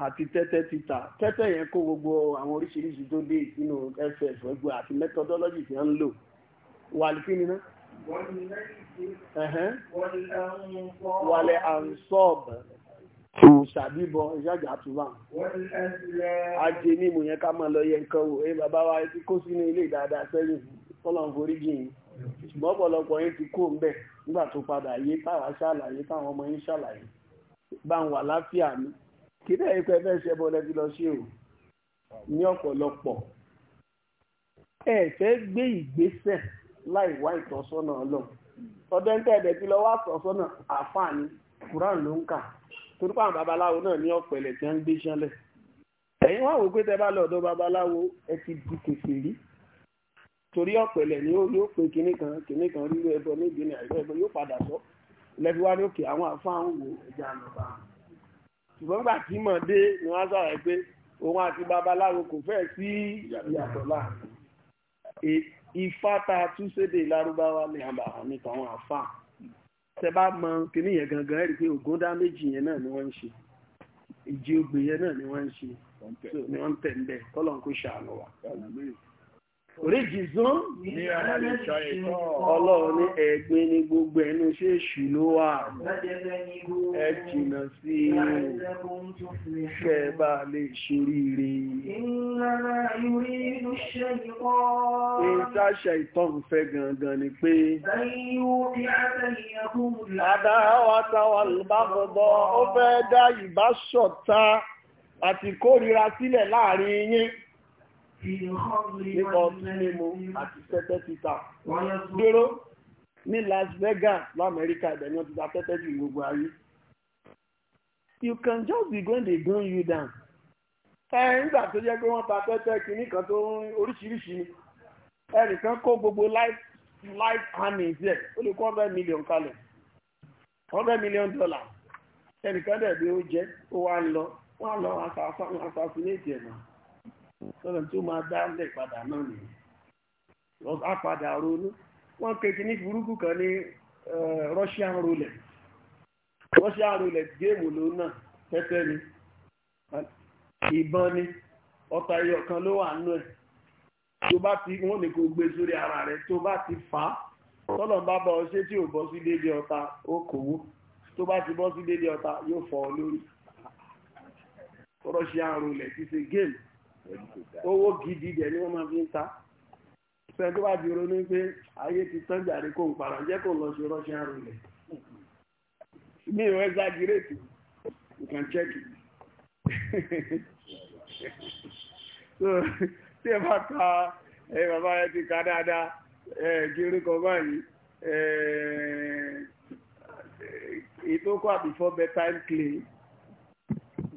àti tẹ́tẹ́ títà tẹ́tẹ́ yẹn kó gbogbo àwọn oríṣiríṣi tó dé nínú ss gbogbo àti methodology tí wọ́n ń lò wà ní kíni náà. wàlẹ̀ ansọ́ọ̀bù tù ṣàbíbọ ìṣàjà àtúbà ajé ní ìmọ̀ yẹn ká máa lọ yẹ nǹkan wò ẹ bàbá wa ti kó sínú ilé dáadáa sẹ́yìn fọlọ́n forí jìn ṣùgbọ́n ọ̀pọ̀lọpọ̀ yẹn ti kó ń nígbà tó padà yé táwa ṣàlàyé táwọn ọmọ yẹn ṣàlàyé bá ń wà láfíà ni kí náà yẹ pé ẹ fẹ́ ṣe ẹbọ lẹ́bi lọ ṣe o ní ọ̀pọ̀lọpọ̀ ẹ fẹ́ gbé ìgbésẹ̀ láì wá ìtọ́sọ́nà lọ ọdọ ń tẹ̀lé kí lọ wá ìtọ́sọ́nà àfààní Quran ló ń kà torí pàwọn babaláwo náà ní ọ̀pẹ̀lẹ̀ tí wọ́n ń gbé ṣánlẹ̀ ẹ̀yin wá wò pé tẹ bá lọ ọ̀dọ̀ babaláwo ẹ ti di kèfèrí torí ọ̀pẹ̀lẹ̀ ni ó yóò pe kinní kan ẹbọ ní àìsàn ṣùgbọ́n gbà tí mọ̀ dé ni wọ́n sọ̀rọ̀ pé òun àti babaláwo kò fẹ́ sí ìyàtọ̀ láàrin e, ifá tá a tún sédè lárúbáwá ní àbàwá nípa àwọn àfà tẹ bá mọ kíní yẹn gangan rí i pé ògùn dá méjì yẹn náà ni wọ́n ń ṣe ìjì ogbè yẹn náà ni wọ́n ń ṣe ni wọ́n ń tẹ̀ ń bẹ̀ kọ́lọ́n kó ṣàánú wa ríjìzún ní àlàlẹ́ṣà ìtọ́ ọlọ́run ní ẹ̀gbin ní gbogbo ẹnu ṣe èṣù ló wà ẹ jìnà sí kẹba lè ṣoríire ìtàṣà ìtọ́ ń fẹ́ gangan ni pé adáwátáwà lùbábọ̀bọ̀ ó fẹ́ dá ìbáṣọ̀ta àti kórìíra sílẹ̀ láàrin yín nípa ọtí mímu àti tẹ́tẹ́ títa. Dúró ní Las Vegas l'Amẹ́ríkà ìbẹ̀ ni wọ́n ti tẹ́tẹ́ jù gbogbo ayé. You can just be going to gun you down. Ẹ nígbà tó jẹ́ pé wọ́n ta tẹ́tẹ́ kìíní kan tó ń oríṣiríṣi ẹnìkan kó gbogbo life life earnings yẹ ó lè kó hundred million kalẹ̀ hundred million dollars ẹnìkan dẹ̀ bí ó jẹ́ ó wá lọ wọ́n á lọ assassinate ẹ̀ náà sọ̀rọ̀ tí ó máa dá lẹ̀ padà náà nìyẹn lọ́sà padà ronú wọ́n kéde ní burúkú kan ní Russian roulette Russian roulette géèmù ló náà tẹ́tẹ́ ni ìbọn ni ọta ẹyọ kan ló wà nú ẹ̀ tó bá ti wọ́n ní kó gbé sórí ara rẹ̀ tó bá ti fà á tọ́lọ̀ bá bá ọ ṣé tí ò bọ́ sí déédéé ọta ó tó bá ti bọ́ sí déédéé ọta yóò fọ́ ọ lórí Russian roulette ti ṣe géèmù owó gidi dẹ̀ ni wọ́n máa fi ń ta fẹ́ tó bá pé ayé ti tán jàre kó ń para jẹ́ kó you can check tí ẹ bá ka ẹ bàbá yẹn ti ka dáadáa ẹ kan báyìí ètò bedtime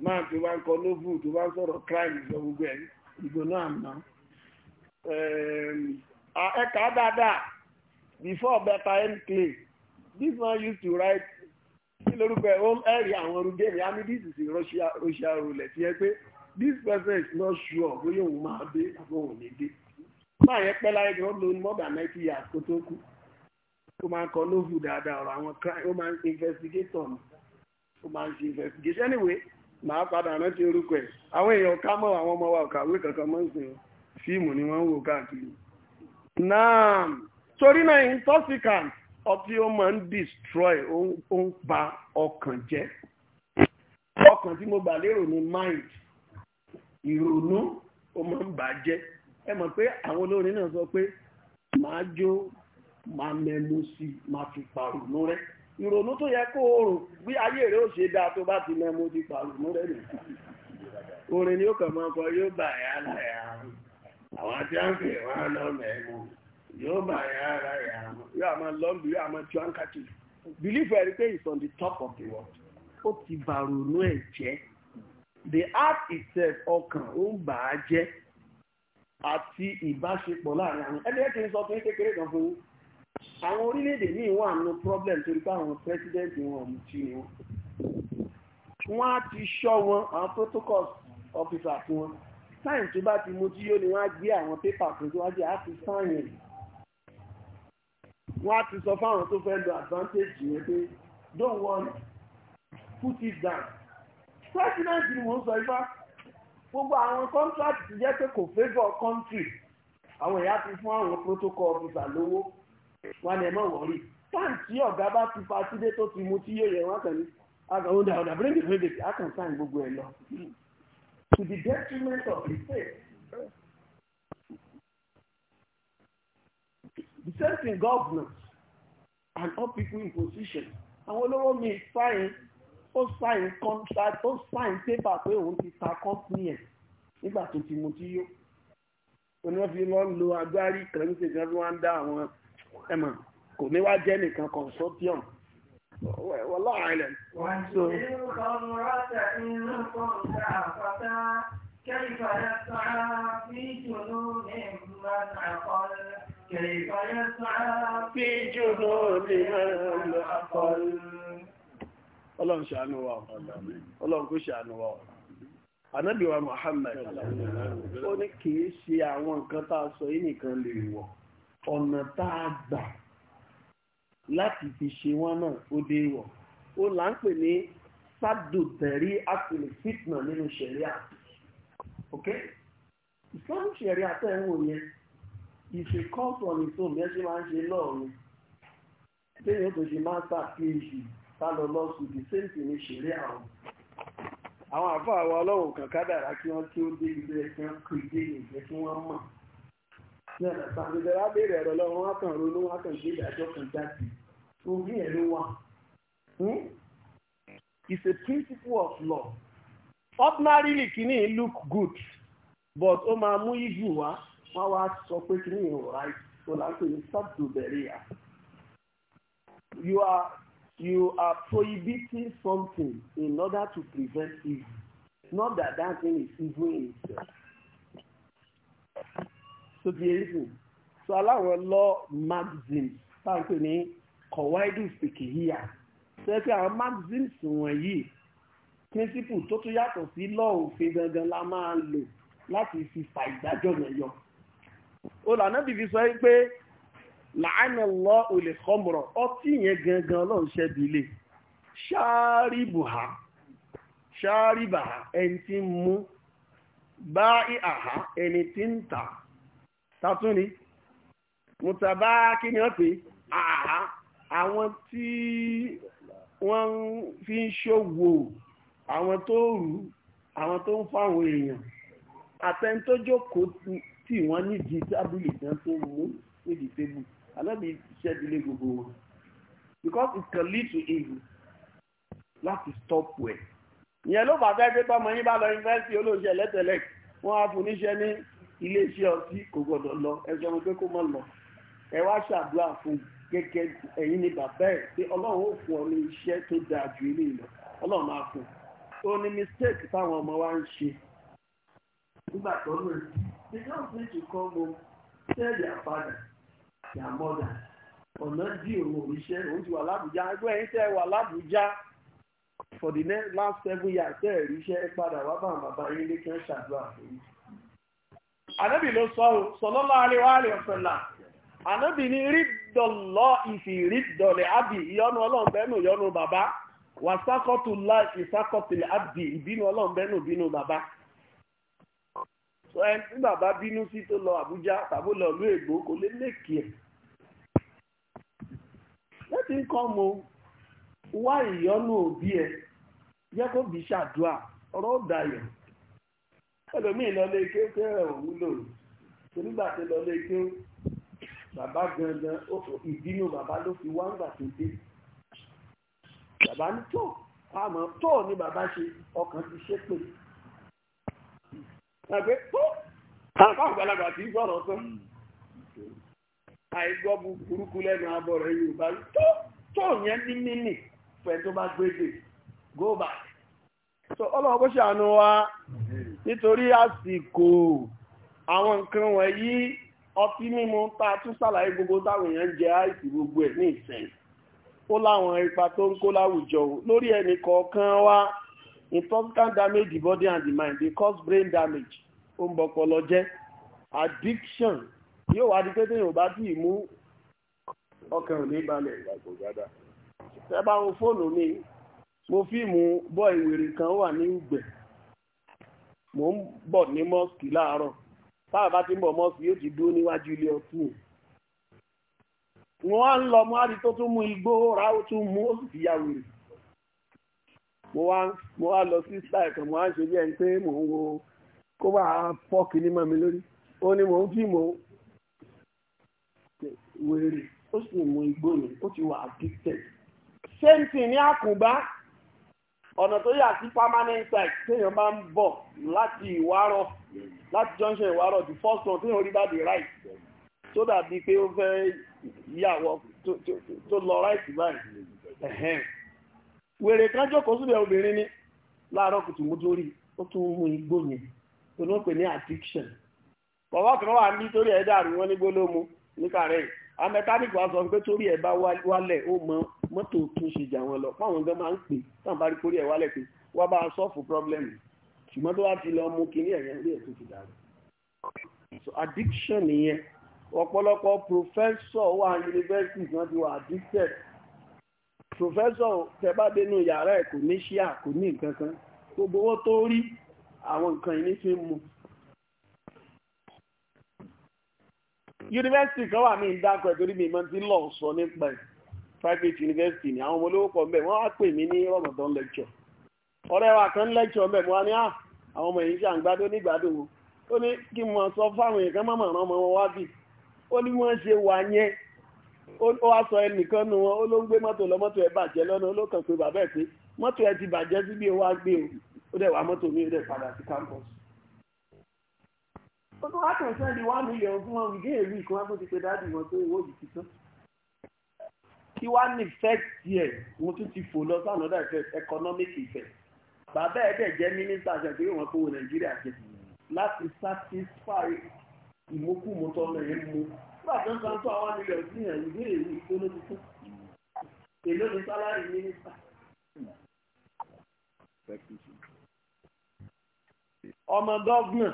máa tó bá ń kọ lóvù tó bá ń sọ̀rọ̀ crime ìjọ gbogbo ẹ̀ ìgbò náà mọ́. ẹ̀ka dáadáa before better end clay this man used to write kí lórúkọ ẹ̀ home area àwọn orúgbẹ́rì i mean this is a Russia Russia roulette yẹn pé this person is not sure bóyá òun máa dé àbí òun ò ní dé. máa yẹn pẹ́ láyé kí wọ́n lo more than ninety years kó tó kú ó máa ń kọ lóvù dáadáa ọ̀rọ̀ àwọn crime ó máa ń investigator ó máa ń ṣe investigation anyway màá padà rántí orúkọ ẹ̀ àwọn èèyàn ká mọ́ àwọn ọmọ wa ọ̀kàwé kankan mọ́ ìsìn fíìmù ni wọn ń wò káàkiri náà torí náà intoxicant ọtí ó máa ń destroy ó ń ba ọkàn jẹ́ ọkàn tí mo gbà lérò ní mind ìrònú ó máa ń bàjẹ́ ẹ mọ̀ pé àwọn olórin náà sọ pé màá jó màá mẹ́mú sí màá fi pàrònú rẹ̀ ìrònú tó yẹ kó o rò bí ayé rẹ ó ṣe dáa tó bá ti mẹ́mú ti pàrònú rẹ̀ nìkan orin ni ó kàn máa kọ yóò bà yá láyà àwọn tí a ń fi wọn lọ mẹ́mú yóò bà yá láyà yóò àmọ́ lọ́ọ̀bù yóò àmọ́ tí wọ́n ń kàtì believe ẹ̀rí pé it's on the top of the world ó ti bàrònú ẹ̀ jẹ́ the heart itself ọkàn ó ń bà á jẹ́ àti ìbáṣepọ̀ láàrin àwọn ẹni ẹ ti ń sọ fún kékeré kan fún yín àwọn orílẹ̀-èdè ní ìwọ̀n àánú problem torí pé àwọn president wọn ọ̀mù tí ni wọn wọ́n á ti ṣọ́ wọn àwọn protocol officer fún wọn sáyẹn tó bá ti mojú yóò ni wọ́n á gbé àwọn pépà kan tó wájú á ti sáyẹn wọ́n á ti sọ fáwọn tó fẹ́ lo advantage yẹn pé don't worry put it down president ni wọ́n sọ ifá gbogbo àwọn contract ti jẹ́ pé kò favour country àwọn ìyá ti fún àwọn protocol officer lówó wọn ni ẹ wọ̀rí táǹtì ọ̀gá bá ti fa sídé tó ti mu tí yóò yẹ wọn kàn ní àgbà ọ̀dà ọ̀dà bíríngì bíríngì àkànṣán gbogbo ẹ̀ lọ to the detriment of the faith. The same thing governors and all people in position. Àwọn olówó mi sign ó sign contract ó sign paper pé òun ti ta company ẹ̀ nígbà tó ti mutí yó. Oníwọ́n fi lọ lo agbárí kan ní ṣèjọba wọn dá àwọn ẹ̀mọ̀ kò ní wá jẹ́ nìkan consortium wọ́lọ́ island. so كيف يسعى في جنون من أقل كيف يسعى في جنون من أقل ọlọ́run ṣàánú wa ọlọ́run kó ṣàánú wa anábìwa Anabiwa ó ní kìí ṣe àwọn nǹkan tá a sọ yìí nìkan lè wọ̀ ọ̀nà tá a gbà láti fi ṣe wọ́n náà ó dé wọ̀ ó là ń pè ní sádò tẹ̀rí àpèlè fitna nínú ṣẹ̀ríà ok Islam ṣẹ̀ríà tẹ̀ ń wò yẹn ìṣe kọ́ọ̀tù ọ̀nà ìṣòwò yẹn ṣe máa ń ṣe lọ́ọ̀rùn téèyàn tó ṣe mástà phd tá lọ lọ sùn the same ní ṣẹ̀ríà ọ̀hún àwọn àfáà wa ọlọ́run kàn kádàrá kí wọ́n tí ó dé ilé ẹ̀sìn kìdé ìgbẹ́ kí wọ́n mọ̀ àgbẹ̀dẹ̀ wa béèrè ẹ̀rọ lọ́wọ́ wọn kàn ronú wọn kàn gbé ìdájọ́ kan jáde orí ẹ̀ ló wà. Hmm? It's a principle of law. ordinarily kìíní look good but ó máa mú ìjù wá wọ́n wá sọ pé kìíní ò right so láti ní stop to bury You are you are prohibiting something in order to prevent evil. Not that that thing is evil in itself so ti erigun so aláwọn law maxims táwọn ní kọ̀wáìdù fìkìhíyà sẹ́kì àwọn maxims wọ̀nyí píńsípù tó tún yàtọ̀ sí law òfin gangan la máa ń lò láti fi fa ìdájọ́ yẹn yọ. olànà bìbí sọ pé làánà lọ olè kọmọrọ ọtí yẹn gangan ọlọ́run ṣẹ́bi lè ṣáárí bùhá ṣáárí bàá ẹni tí ń mú bá ìhà ẹni tí ń tà tàtún ni mùtàbá kí ni wọ́n pè é àwọn tí wọ́n fi ń ṣòwò àwọn tó rù àwọn tó ń fáwọn èèyàn àtẹnitójókòó tí wọ́n nídìí tábìlì kan tó mú nídìí tébù alábi ṣẹ́dílé gbogbo wọn because it can lead to evil láti stop ẹ̀. ìyẹn ló bá fẹ́ pé tọmọ yín bá lọ yunifásitì olóòṣè lẹ́tẹ̀lẹ̀ wọ́n á fún níṣẹ́ ní iléeṣẹ́ ọtí kò gbọ́dọ̀ lọ ẹjọ́ wọn pé kó má lọ ẹ wá ṣàdúrà fún gẹ́gẹ́ ẹ̀yin ni bàbá ẹ̀ pé ọlọ́run ó fún ọ ní iṣẹ́ tó dáa ju ilé ìlọ ọlọ́run máa fún ó ní mistake táwọn ọmọ wa ń ṣe nígbà tó ń rìn they just need to come home tell their father their mother ọ̀nà dí òun òríṣẹ́ òun ti wà lábùjá ẹgbẹ́ ẹ̀yin tẹ́ wà lábùjá for the last seven years tẹ́ ẹ̀ríṣẹ́ padà wá bá àwọn bàbá yín lé kí wọ́n ṣàdúrà fún yín. ànábì ló sọ sallallahu alaihi wa sallam ànábì rídọ̀lọ́ ìfì àbì ìyọnu ọlọ́ọ̀bẹ́nu ìyọnu bàbá wà sákọ̀tù láì àbì ìbínú ọlọ́ọ̀bẹ́nu ìbínú bàbá ẹ tí bàbá bínú sí tó lọ Àbújá tàbó lọ kò lè lẹ́tí ń kọ́ mo wá ìyọnu ẹlòmíì lọ lé ké kẹ́ òun lò nígbà tó lọ lé ké bàbá gangan ìbínú bàbá ló fi wá ńgbà tó dé bàbá ní tó àmọ́ tó ni bàbá ṣe ọkàn ti ṣe pé ẹgbẹ́ tó àwọn àgbàlagbà ti sọ̀rọ̀ tán àìgbọ́ burúkú lẹ́nu abọ́ tó tó yẹn ní mímì pẹ̀ tó bá gbé ọlọ́wọ́ bó nítorí àsìkò àwọn nǹkan wọ̀nyí ọtí mímu tá a tún ṣàlàyé gbogbo táwọn èèyàn jẹ àìsí gbogbo ẹ̀ ní ìsìn ó láwọn ipa tó ń kó láwùjọ lórí ẹnì kọ̀ọ̀kan wa intoxicant damage the body and the mind dey cause brain damage ó ń bọpọlọ jẹ́ addiction yóò wá di pé téèyàn ò bá tí ì mú ọkàn ò ní balẹ̀ ẹ bá wọn fóònù mi mo fíìmù bọ́ọ̀ ìwèrè kan wà ní ìgbẹ́ mò ń bọ̀ ní mọ́ọ̀sì láàárọ̀ táwọn bá ti ń bọ̀ mọ́ọ̀sì yóò ti dúró níwájú ilé ọtí wọ́n á ń lọ mọ́ àrí tó tún mú igbó ra ó tún mú ó sì fi ya wèrè mo wá lọ sí style kan mo wá ń ṣe bí ẹni pé mò ń wo kó bá pọ́ kìíní mọ́ lórí ó ní mò ń fi mò wèrè ó sì mú igbó yẹn ó ti wà addicted same thing ní àkùnbá ọ̀nà tó yà sí permanent site téèyàn bá ń bọ̀ láti ìwárọ̀ láti junction ìwárọ̀ the first one téèyàn rí bá the right tó dàbí pé ó fẹ́ yàwọ̀ tó lọ right báyìí wèrè kan jókòó síbẹ̀ obìnrin ní láàárọ̀ kùtùmùtù orí ó tún mú igbó mi tó ní ó pè ní addiction bàbá kan wà nítorí ẹ̀dá àrùn wọn ní gbólómù ní kàrẹ́yìn a mẹkáníkì wa sọ pé torí ẹ̀ bá wálẹ̀ ó mọ mọ́tò tún ṣe jà wọn lọ fáwọn gan máa ń pè táwọn bá rí kórí ẹ̀ wálẹ̀ pé wá bá a sọ́ọ̀fù pírọ́blẹ́mù tó bá ti lọ mú kinní ẹ̀yẹn rí ẹ̀ ti dàrú. so addiction nìyẹn ọ̀pọ̀lọpọ̀ professor wà university kan ti wà addicted professor tẹ́bàdénú yàrá ẹ̀ kò ní ṣíà kò ní nǹkan kan gbogbo owó tó rí àwọn nǹkan ìní fi ń mu yunifásitì kan wà ní ìdákọ̀ ẹ̀ torí mi ìmọ̀ tí lọ́ọ̀ sọ nípa ẹ̀ private university ni àwọn olówó kan bẹ̀ wọ́n á pè mí ní Ramadan lecture ọ̀rẹ́ wa kan lecture bẹ̀ mo wá ní ah, àwọn ọmọ yìí ṣe àǹgbádó nígbàdùn o ó ní kí mo sọ fáwọn èèyàn kan mọ̀mọ́ ràn ọmọ wọn wá bì ó ní wọ́n ṣe wà yẹn ó wá sọ ẹnìkan nu wọn ó ló ń gbé mọ́tò lọ mọ́tò ẹ̀ bàjẹ́ lọ́nà ó ló kàn pé bàbá ẹ̀ pé mọ́tò ẹ̀ ti bàjẹ́ síbi ó gbé o ó dẹ̀ wá mọ́tò mi ó dẹ̀ padà sí campus ó tún wá kàn sẹ́ndì one million fún wọn wìdí èlú ìkan wọn tó ti pe dáàbì wọn tó owó yìí ti kí wá ní effect díẹ̀ wọn tún ti fò lọ sí another effect economic effect bàbá ẹ̀ dẹ̀ jẹ́ mínísítà àti àgbéyẹ̀wò wọn kówó nàìjíríà jẹ láti satisfy ìmókùmó tọ́lọ yẹn mú nígbà tó ń san tó àwọn mílíọ̀nù sí ìyàn ìwé èlú ìgbóná tuntun èló ni sálárì mínísítà hmm. ọmọ gọ́vnà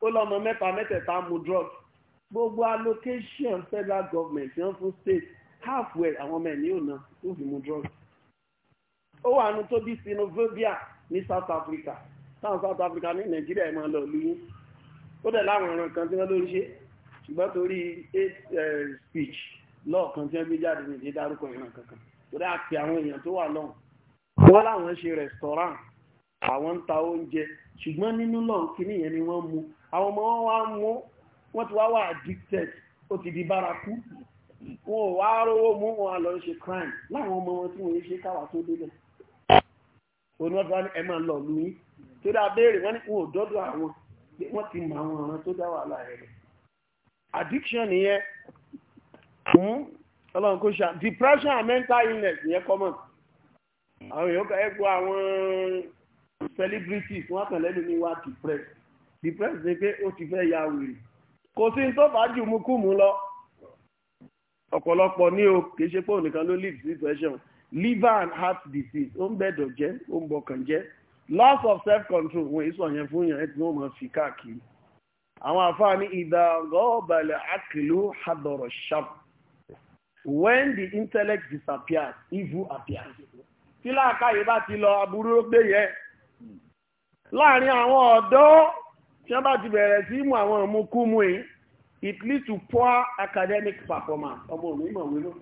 ó lọ́mọ mẹ́ta mẹ́tẹ̀ẹ̀ta mu drug gbogbo allocation federal government yan fún state half well àwọn ọmọ ẹ̀ ní òun náà tó fi mu drug ó wà nù tó bí ní South Africa táwọn South Africa ní Nàìjíríà ẹ̀ máa lọ lóyún ó dẹ̀ láwọn ọ̀ràn kan tí wọ́n lórí ṣe ṣùgbọ́n torí hate eh, speech lọ́ọ̀ kan tí wọ́n gbé jáde nìyí dárúkọ ìran kankan torí àti àwọn èèyàn tó wà lọ́hùn wọ́n láwọn ṣe restaurant àwọn ń ta oúnjẹ ṣùgbọ́n nínú lọ́hùn kínní yẹn ni wọ́n mu àwọn ọmọ wọn wá mú wọ́n ti wá wà addicted ó ti di bárakú wọn ò wá rówó mú wọn lọ ṣe crime láwọn ọmọ wọn tí wọ́n yé ṣe káwà tó délẹ̀ òun wọ́n ti wá ní ẹ máa lọ lù yín tó dáa béèrè wọ́n ní wọn ò dọ́dọ̀ àwọn pé wọ́n ti mọ àwọn ọ̀ràn tó dá wàhálà rẹ̀ addiction nìyẹn hmm? ọlọ́run kò ṣá depression and mental illness yẹn common àwọn èèyàn kan ẹ gbọ́ àwọn celebrities wọ́n kàn lẹ́nu ní wá depressed The ni pé ó ti fẹ́ ya wèrè kò sí ní tó bá jù mú kú mú lọ ọ̀pọ̀lọpọ̀ ní o kì í ṣe pé ònìkan ló lead to liver and heart disease ó ń bẹ̀dọ̀ jẹ́ ó ń bọkàn jẹ́ loss of self control wọ́n èso yẹn fún yẹn tí wọ́n máa fi káàkiri àwọn àfáàní ìdàgọ́bàlẹ̀ àkìlú hadọ̀rọ̀ sharp when the intellect disappears evil appears tí láàkáyé bá ti lọ aburú ló gbé yẹn láàrin àwọn ọ̀dọ́ tí wọ́n bá ti bẹ̀rẹ̀ sí mú àwọn ọmọkúmu yìí it leads to poor academic performance ọmọ òní mọ̀ wíwọ́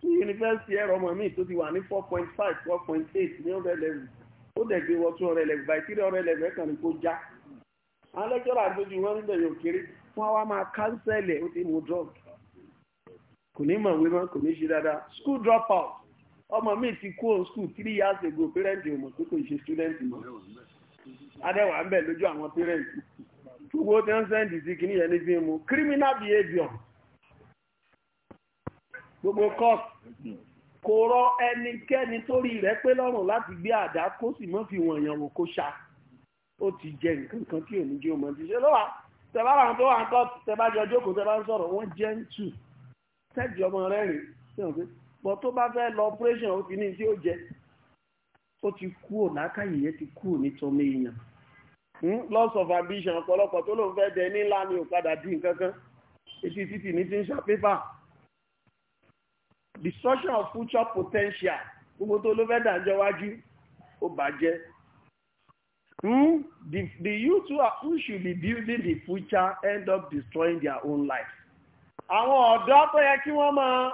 tí yunifásitì ẹ̀rọ ọmọ mi tó ti wà ní four point five four point eight ní ọ̀rẹ́ level ó dẹ̀ gbé wọ́n tún ọ̀rẹ́ level báyìí kí ọ̀rẹ́ level ẹ̀kan ni kó já àwọn lẹ́jọ́rọ̀ àdójú wọn níbẹ̀ yóò kéré wọ́n wá máa kánsẹ́lì ó ti mú drug kò ní mọ̀ wíwọ́ kò ní ṣe dáadáa school drop out ọmọ mi ti kó school three years ago Parents ò mọ̀ pé kò ṣe adẹ́wà ń bẹ̀ lójú àwọn pẹ́rẹ́ǹtì owó tí wọ́n sẹ́ǹdì sí kìíní yẹn ní fi mú criminal behaviour gbogbo cost kò rọ ẹnikẹ́ni torí rẹ̀ pé lọ́rùn láti gbé àdá kó sì mọ́ fi wọ̀nyàn wò kó ṣá ó ti jẹ nǹkan kan tí òní jẹ́ ọmọ ti ṣe lọ́wọ́ tẹ̀bá làwọn tó wà ń kọ́ tẹ̀bá jọ jókòó tẹ̀bá ń sọ̀rọ̀ wọ́n jẹ́ ń tù tẹ́jì ọmọ rẹ̀ rìn sí ọ̀gbìn bọ́ tó bá fẹ́ lọ operation ó ti ní tí ó jẹ ó ti kúrò n'aka yẹn ti kúrò nítorí èèyàn hmm? loss of ambition ọ̀pọ̀lọpọ̀ tó lóun fẹ́ dẹ nílá ni òkadà dín nǹkan kan etí títì ní ti ń ṣá pépà destruction of future potential gbogbo tó ló fẹ́ dàjọ́ wájú ó bàjẹ́ Hmm? The, youth who, are, who should be building the future end up destroying their own life. Àwọn ọ̀dọ́ tó yẹ kí wọ́n máa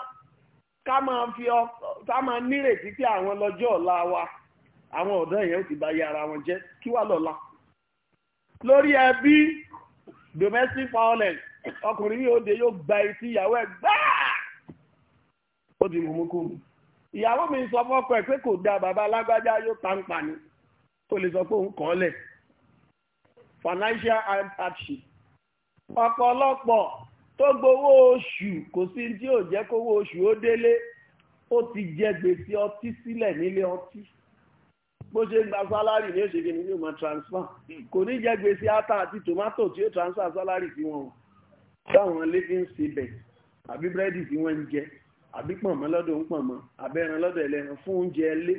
ká máa fi ká máa nírètí pé àwọn lọ́jọ́ ọ̀la wa àwọn ọ̀dọ́ yẹn ti bá yé ara wọn jẹ́ kí wà lọ́la lórí ẹbí domestic violence ọkùnrin yìí òde yóò gba etí ìyàwó ẹ̀ gbáà ó di mọ̀mọ́kọ́mù ìyàwó mi sọ fọ́kọ ẹ̀ pé kò da bàbá alágbájá yóò ta ń pa ni ó lè sọ pé òun kọ́ lẹ̀ financial hardship ọ̀pọ̀lọpọ̀ tó gbowó oṣù kò sí tí ò jẹ́ kówó oṣù ó délé ó ti jẹ gbèsè ọtí sílẹ̀ nílé ọtí bó ṣe gba sálárì ní òṣèké ni yóò máa transfer hmm. kò ní jẹ gbèsè ata àti tomato tí ó transfer sálárì sí wọn táwọn living síbẹ̀ àbí búrẹ́dì tí wọ́n ń jẹ àbí pọ̀nmọ́ lọ́dọ̀ ń pọ̀nmọ́ àbẹ́ran lọ́dọ̀ ẹlẹ́ran fún oúnjẹ ẹlé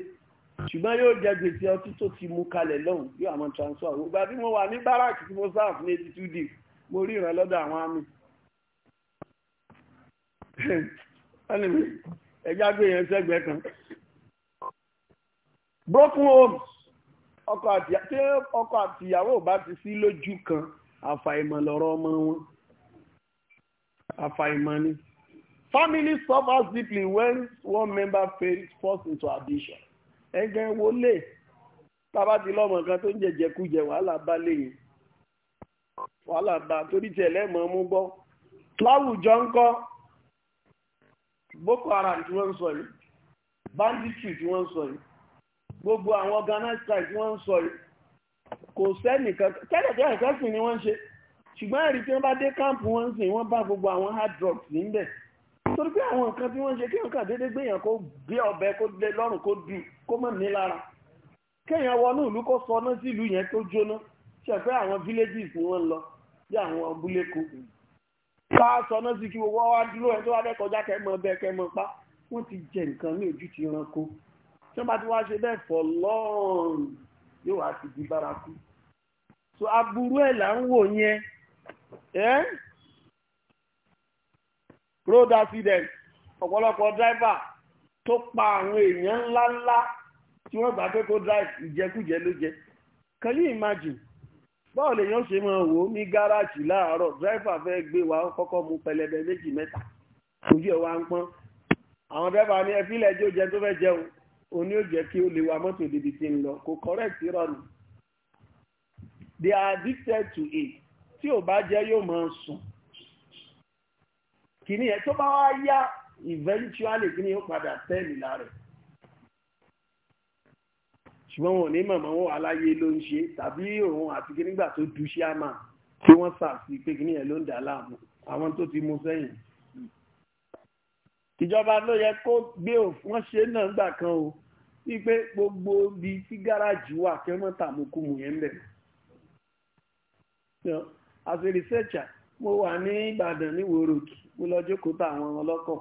ṣùgbọ́n yóò jẹ gbèsè ọtí tó ti mú kalẹ̀ lọ́hùn yóò àmọ́ transfer owó gba bí mo wà ní báràkì tí mo sáàf ní eighty two days mo rí ìran lọ́dọ̀ àwọn àmì ẹja gbé yẹn sẹ́gbẹ̀ẹ́ kan broken homes ọkọ àti tí ọkọ àti ìyàwó bá ti sí lójú kan àfàìmọ̀ lọ́rọ̀ ọmọ wọn àfàìmọ̀ ni. Family suffers deeply when one member fails forced into addiction. ẹgbẹ́ wo lè tábà ti lọ́mọ kan tó ń jẹjẹkújẹ wàhálà bá lẹ́yìn wàhálà bá torí tiẹ̀ lẹ́mọ̀ mú bọ́. láwùjọ ń kọ́ Boko Haram tí wọ́n ń sọ yìí banditry tí wọ́n ń sọ yìí gbogbo àwọn organized strike wọ́n ń sọ kò sẹ́nìkan tẹ́lẹ̀tẹ́lẹ̀ sẹ́sìn ni wọ́n ń ṣe ṣùgbọ́n ẹ̀rí tí wọ́n bá dé káàmpù wọn sì wọ́n bá gbogbo àwọn hard drugs níbẹ̀ torí pé àwọn nǹkan tí wọ́n ṣe kí nǹkan déédéé gbéyàn kó gbé ọ̀bẹ kó lé lọ́rùn kó dù kó mọ̀ ní lára kéèyàn wọnú ìlú kó sọ náà sí ìlú yẹn tó jóná ṣe pé àwọn villages ni wọ́n lọ bí àwọn abúléko bá a sọ náà sí kí wọ́n wá dúró ẹ̀ tó wá bẹ́ẹ̀ kọjá kẹ́mọ bẹ́ẹ̀ kẹ́mọ pa wọ́n ti jẹ nǹkan ní ojú ti ranko tí wọ́n bá ti wá ṣe bẹ́ẹ̀ for long yóò wá ti di bárakú so aburú ẹ̀ là ń wò yẹn ẹ́ road accident ọ̀pọ̀lọpọ̀ driver tó pa àwọn èèyàn ńláńlá tí wọ́n gbà pé kó drive ìjẹkújẹ ló jẹ can you imagine báwo lèèyàn ṣe máa wò ó ní gáràjì láàárọ̀ driver fẹ́ gbé wa kọ́kọ́ mu pẹlẹbẹ méjì mẹ́ta ojú ẹ̀ wá ń pọ́n àwọn driver ní ẹfílẹ̀ tí ó jẹ tó fẹ́ jẹun òun ni ó jẹ́ kí ó lè wa mọ́tò débi tí ń lọ kò correct ìrọ̀rùn they are addicted to it tí ò bá jẹ́ yóò máa sùn kìíní yẹn tó bá wá yá eventually kini yóò padà tẹ́ẹ̀lì lára ṣùgbọ́n wọn ò ní mọ̀mọ́ wọn aláyé ló ń ṣe tàbí òun àti kí nígbà tó du ṣíàmà tí wọ́n sà sí pé kìíní yẹn ló ń dà láàmú àwọn tó ti mú sẹ́yìn ìjọba ló yẹ kó gbé wọn ṣe náà gbà kan o wípé gbogbo ibi tí gáràjì wà kí wọ́n tàbùkù mù yẹn bẹ̀rẹ̀. as a researcher mo wà ní Ìbàdàn ní wòròkì mo lọ jókòó táwọn ọlọ́kọ̀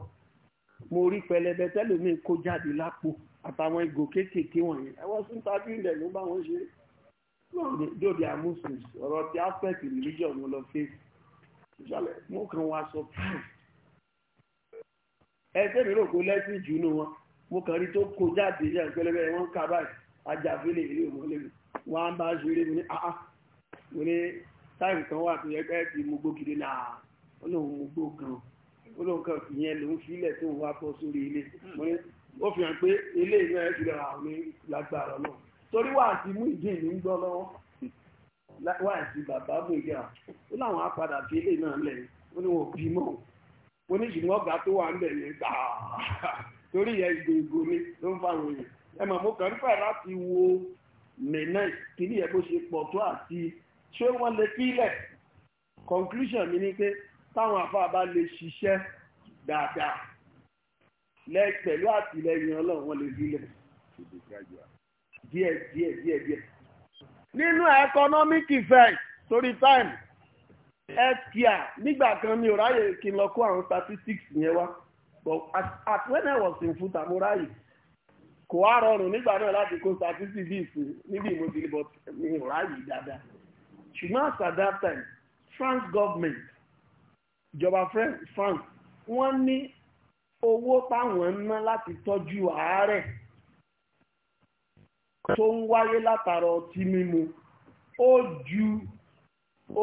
mo rí pẹlẹbẹ tẹlómi kó jáde lápò àtàwọn ìgò kéékèèké wọ̀nyẹn ẹ wọ́n sí tábí ilẹ̀ ló bá wọn ṣe lóde amusement ọ̀rọ̀ ti aspect religion mo lọ face ìṣàlẹ̀ mo kàn wá surprise hmm. ẹ tẹ́mi rò kó lẹ́sìn jù nù wọn mo kàn rí tó kó jáde yẹn pẹlẹbẹ wọn kà báyìí ajáfẹ́lẹ̀ ilé òmọ́lẹ́mí wọ́n á bá ṣeré mi ní àá ah, ah. mo ní táìmù kan wà tó yẹ pé ti mo gbógidé náà ó lóun mo gbó gan ó lóun kan fi yẹn lòun filẹ̀ tó wà fọ́ sórí ilé mo ní ó fi hàn pé ilé ìlú ẹ̀ ti rà ní lágbára náà torí wà á ti mú ìdí ìlú ń gbọ́ lọ́wọ́ wà á ti bàbá mú ìdí à ó láwọn á padà fi ilé náà lẹ̀ ó ní wọn ò bímọ oníṣìí wọn gbà tó wà ń bẹ̀ ní gbàá torí yẹ gbogbo ni ló ń fáwọn èèyàn ẹ mọ̀ mo kàn ń fẹ́ láti wo mẹ́nà kìíní yẹ bó ṣe pọ̀ tó àti ṣé wọ́n lè kílẹ̀ conclusion mi ni pé táwọn àfáà bá lè ṣiṣẹ́ dáadáa lẹ pẹ̀lú àtìlẹyìn ọlọ́run wọn lè dílẹ̀ díẹ̀ díẹ̀ díẹ̀ díẹ̀. nínú economic effect torí time health care nígbà kan mi ò ráyè kí n lọ kó àwọn statistics yẹn wá but at as when I was in Futa mo ráyè kò wá rọrùn nígbà náà láti kó statistics bíi ìsìn níbi ìmọ̀jìlì but mi ò ráyè dáadáa ṣùgbọ́n at that time France government ìjọba France wọ́n ní owó táwọn ń ná láti tọ́jú àárẹ̀ tó ń wáyé látara ọtí mímu ó ju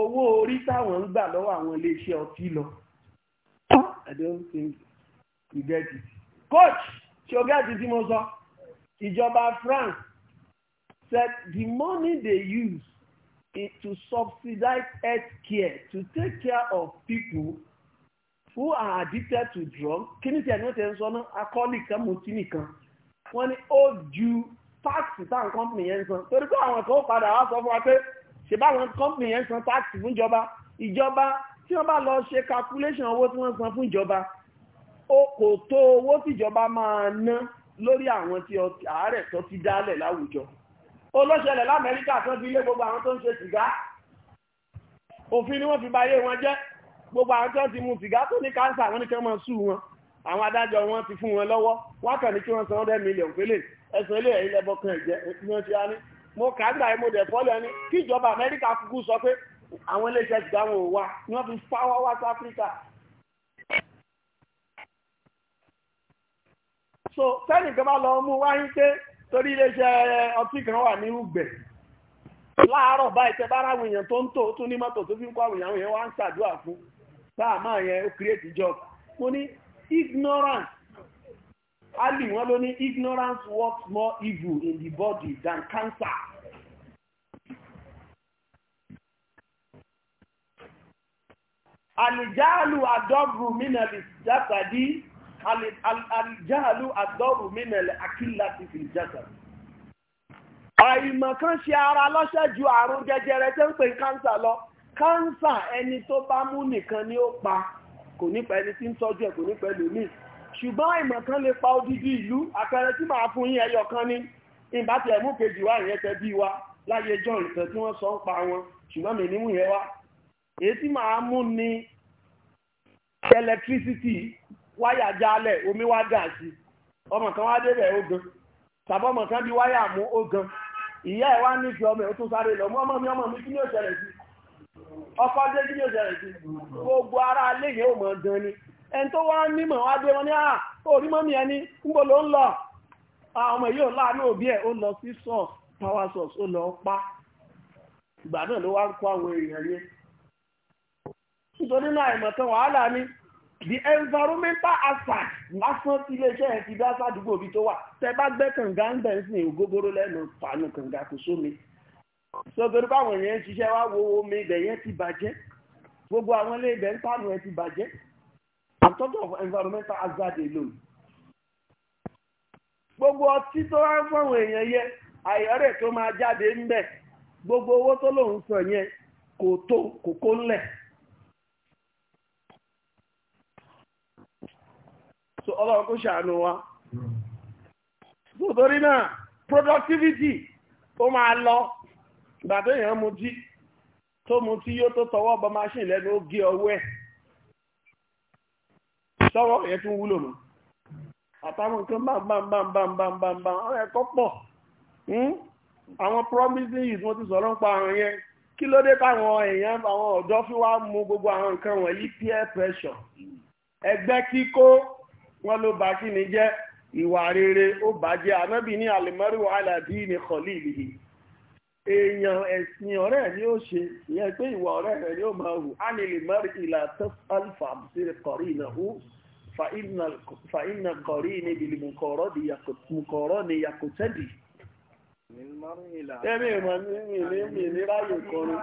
owó orí táwọn ń gbà lọ́wọ́ àwọn iléeṣẹ́ ọtí lọ. I don't think you get it coach ṣogẹ́ẹ̀tì tí mo sọ ìjọba France said the money they use to subsidize health care to take care of people who are addicted to drugs kí ni tí ẹni tẹ ń sọ náà akọ́lì kan mutí nìkan wọ́n ní ó ju táàkì táwọn kọ́mpìnì yẹn ń san torí pé àwọn kan ó padà wá sọ fún wa pé ṣe báwọn kọ́mpìnì yẹn ń san táàkì fún ìjọba ìjọba tí wọ́n bá lọ ṣe calculation owó tí wọ́n san fún ìjọba kò tó owó tìjọba máa ná lórí àwọn tí àárẹ̀ tó ti dálẹ̀ láwùjọ olóṣẹlẹ̀ lamẹ́ríkà tó fi lé gbogbo àwọn tó ń ṣe sìgá òfin ni wọ́n fi báyé wọn jẹ́ gbogbo àwọn tó ti mu sìgá tó ní káńsà wọ́n ní kí wọ́n máa sú wọn àwọn adájọ́ wọn ti fún wọn lọ́wọ́ wọ́n ní kí wọ́n san hundred million pélé ẹ̀sùn ilé ẹ̀yìn lẹ́bọ̀ kan ìjẹ́ tí wọ́n ti wá ní mo kà á gbà yẹn mo dẹ̀ fọ́lẹ̀ ní kí ìjọba amẹ́ríkà kúkú sọ pé àwọn iléeṣẹ́ sìgá wọn ò wá ni wọ́n fi fáwọ́ wá sí so sẹ́nìkan bá lọ mú wáyé pé torí iléeṣẹ́ eh, ọtí kan wà ní ugbẹ̀ láàárọ̀ báyìí tẹ bára àwọn èèyàn tó ń tò tún ní mọ́tò tó fi ń kó àwọn èèyàn wá ń ṣàdúrà fún yẹn ó job mo ní ignorance ali wọn ló ní ignorance works more evil in the body than cancer. alìjáàlú àdọ́rù mínẹ̀lẹ̀ àkílà ti fi jẹ́sẹ̀. àìmọ̀ kan ṣe ara lọ́ṣẹ́ ju àrùn jẹjẹrẹ tó ń pè káńsà lọ káńsà ẹni tó bá mú nìkan ni ó pa kò nípa ẹni tí ń tọ́jú ẹ̀ kò nípa ẹlòmíì ṣùgbọ́n àìmọ̀ kan lè pa odidi ìlú àpẹẹrẹ tí màá fún yín ẹyọ kan ní ìbá ti ẹ̀mú kejì wá ìyẹn tẹ bí wa láyé jọ ìtàn tí wọ́n sọ ń pa wọn ṣùgbọ́n mi níwùn yẹn wá èyí tí màá mú ni electricity wáyà jálẹ̀ omi wá dà sí ọmọ kan wá débẹ̀ ìyá ẹ̀ wá ọmọ tó sáré lọ ọmọ mi ọmọ mi kí ni ó sí ọkọ̀ dé kí ni ara ò gan ni ẹn tó wá wá dé wọn à orí ọmọ yìí ò láàánú òbí ó lọ sí power source ó lọ pa ìgbà náà ló wá kó àwọn èèyàn the environmental hazard lásán tí iléeṣẹ́ ẹ̀ ti dá sádùúgbò bí tó wà tẹ bá gbẹ́ kànga ń bẹ̀ ń sìn ògógóró lẹ́nu fàánù kànga kò sómi sọgbẹ́rú báwọn èèyàn ń ṣiṣẹ́ wá wo omi ibẹ̀ yẹn ti bàjẹ́ gbogbo àwọn ilé ibẹ̀ ń pààlù ẹ̀ ti bàjẹ́ I'm talking of environmental hazard alone gbogbo ọtí tó wá ń fọ̀wọ̀n èèyàn yẹ àyọ̀rẹ̀ tó máa jáde ń bẹ̀ gbogbo owó tó lòun sàn yẹn kò tó kò kó ńlẹ̀ so ọlọ́run kó ṣàánú wa nítorí náà productivity ó máa lọ ìgbà tó yàn mú tí tó mú tí yóò tó tọwọ́ bọ machine lẹ́nu ó gé ọwọ́ ẹ̀ sọ́wọ́ yẹn tún wúlò mọ́ àtàwọn nǹkan bámbámbámbámbámbámbá ọ̀rọ̀ ẹ̀kọ́ pọ̀ hmm? àwọn promising youth wọ́n ti sọ̀rọ̀ ń pa àwọn yẹn kí ló dé táwọn èèyàn àwọn ọ̀dọ́ fi wá mú gbogbo àwọn nǹkan wọ̀nyí peer pressure ẹgbẹ́ kíkó wọ́n ló ba kí ni jẹ́ ìwà rere ó bàjẹ́ ànábì ní àlèmọ́rìwò aládì ní kọ̀lì ìlìlì èèyàn ẹ̀sìn ọ̀rẹ́ ni ó ṣe ìyẹn pé ìwà ọ̀rẹ́ rẹ̀ ni ó máa hù á ní lèmọ́rì ìlà tó alfa sí kọ̀rí ìnáwó fa iná kọ̀rí ní ìbìlì mùkọ̀rọ̀ ni yàkùtẹ́dì Ẹ̀mí ìmọ̀ ní mi ní ráyè kọrin.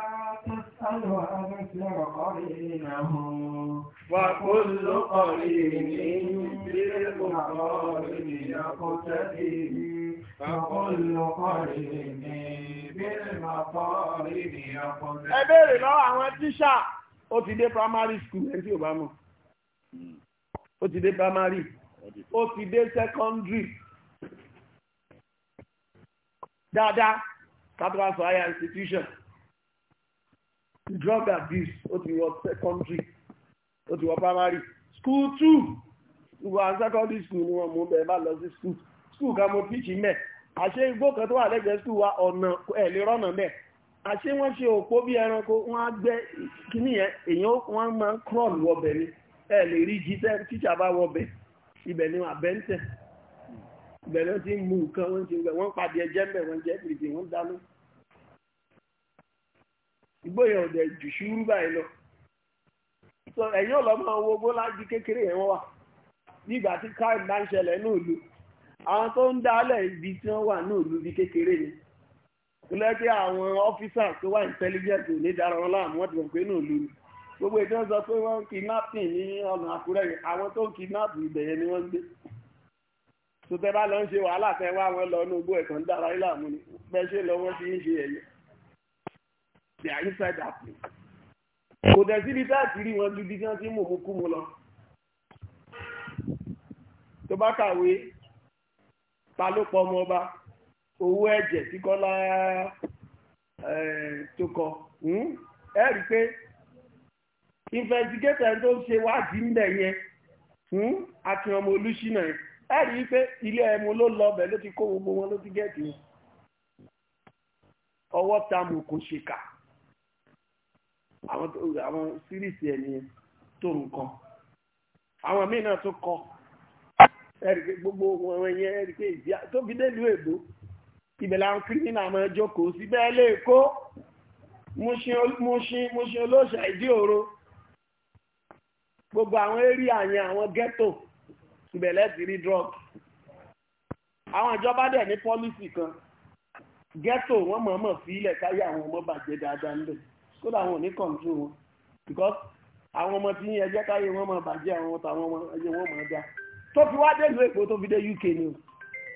Wà kó ló kọrí ní ilé kòkó ènìyàn àwọn tíṣà ó ti dé primary school ẹni tí ò bá mọ̀. Ó ti dé primary, ó ti dé secondary dáadáa capital for higher institution drug abuse ó ti wọ secondary ó ti wọ primary school two gbogbo àwọn secondary school ni wọ́n mú bẹ́ẹ̀ bá lọ sí school school kan mo pitch mẹ́ àṣé igbó kan tó wà lẹ́gbẹ̀ẹ́ school wa ọ̀nà ẹ̀ lè rọ́nà mẹ́ àṣé wọ́n ṣe òpó bí ẹranko wọ́n á gbẹ́ kíní yẹn èèyàn wọ́n máa ń crawl wọbẹ̀ ni ẹ̀ lè rí jíṣẹ́ tíṣà bá wọbẹ̀ ibẹ̀ ni wọ́n àbẹ́ńtẹ̀ bẹ̀rẹ̀ ti ń mú nǹkan wọ́n ti ń gbẹ̀ wọ́n pàdé ẹjẹ́ ń bẹ̀ wọ́n jẹ́ pìrìpì wọ́n dáná. ìgbóyàn ọ̀dẹ̀ jù ṣúrú báyìí lọ. sọ ẹ̀yìn ọ̀lọ́mọ owó gbólájú kékeré yẹn wọ́n wà nígbà tí crime bá ń ṣẹlẹ̀ náà lò àwọn tó ń dálẹ̀ ibi tí wọ́n wà náà lò bí kékeré ni. ìlẹ́kẹ́ àwọn ọ́fíṣà tó wà intelligent ò ní dára wọn láàmú wọ́n ti mọ̀ pé náà lò ní gbogbo ìjọ sọ pé wọ́n kidnapping ní ọ̀nà Àkúrẹ́ àwọn tó ń kidnap ibẹ̀ ni wọ́n gbé tó tẹ́ bá lọ ń ṣe wàhálà tẹ́ wá wọn lọ ní ogbó ẹ̀kan dára ilé ni bẹ́ẹ̀ ṣe lọ́wọ́ sí ń ṣe ẹ̀yẹ they are inside that place kò dẹ̀ síbi tá àti rí wọn gidi kan tí mò ń kú mu lọ tó bá kàwé ta ló pọ̀ ọmọ ọba owó ẹ̀jẹ̀ tí Kọ́lá eh, tó kọ hmm? ẹ rí i pé investigator tó ṣe wádìí ń bẹ̀ yẹn fún hmm? Akin Olúṣínà yẹn ẹ rí pé ilé ẹmu ló lọ ọbẹ̀ ló ti kó gbogbo wọn ló ti gẹ̀ẹ́tì wọn ọwọ́ tamù kò ṣèkà àwọn síríìsì ẹni tó nǹkan àwọn míì náà tó kọ ẹ pé gbogbo wọn yẹn ẹ pé ìdí tó fi dé ìlú èbó olóṣà ìdí gbogbo àwọn eré àyàn àwọn ìbẹ̀lẹ̀ ti rí drug àwọn ìjọba dẹ̀ ní pọ́lísì kan ghetto wọ́n mọ̀ọ́mọ̀ fi ilẹ̀ káyé àwọn ọmọ bàjẹ́ dáadáa ńbẹ̀ kódà àwọn ò ní kọ̀ǹtù wọn because àwọn ọmọ tí ẹ jẹ́ káyé wọn máa bàjẹ́ àwọn ọmọ àwọn ọmọ ẹyẹ wọn máa já tó fi wá dé ìlú èkó tó fi dé UK ni o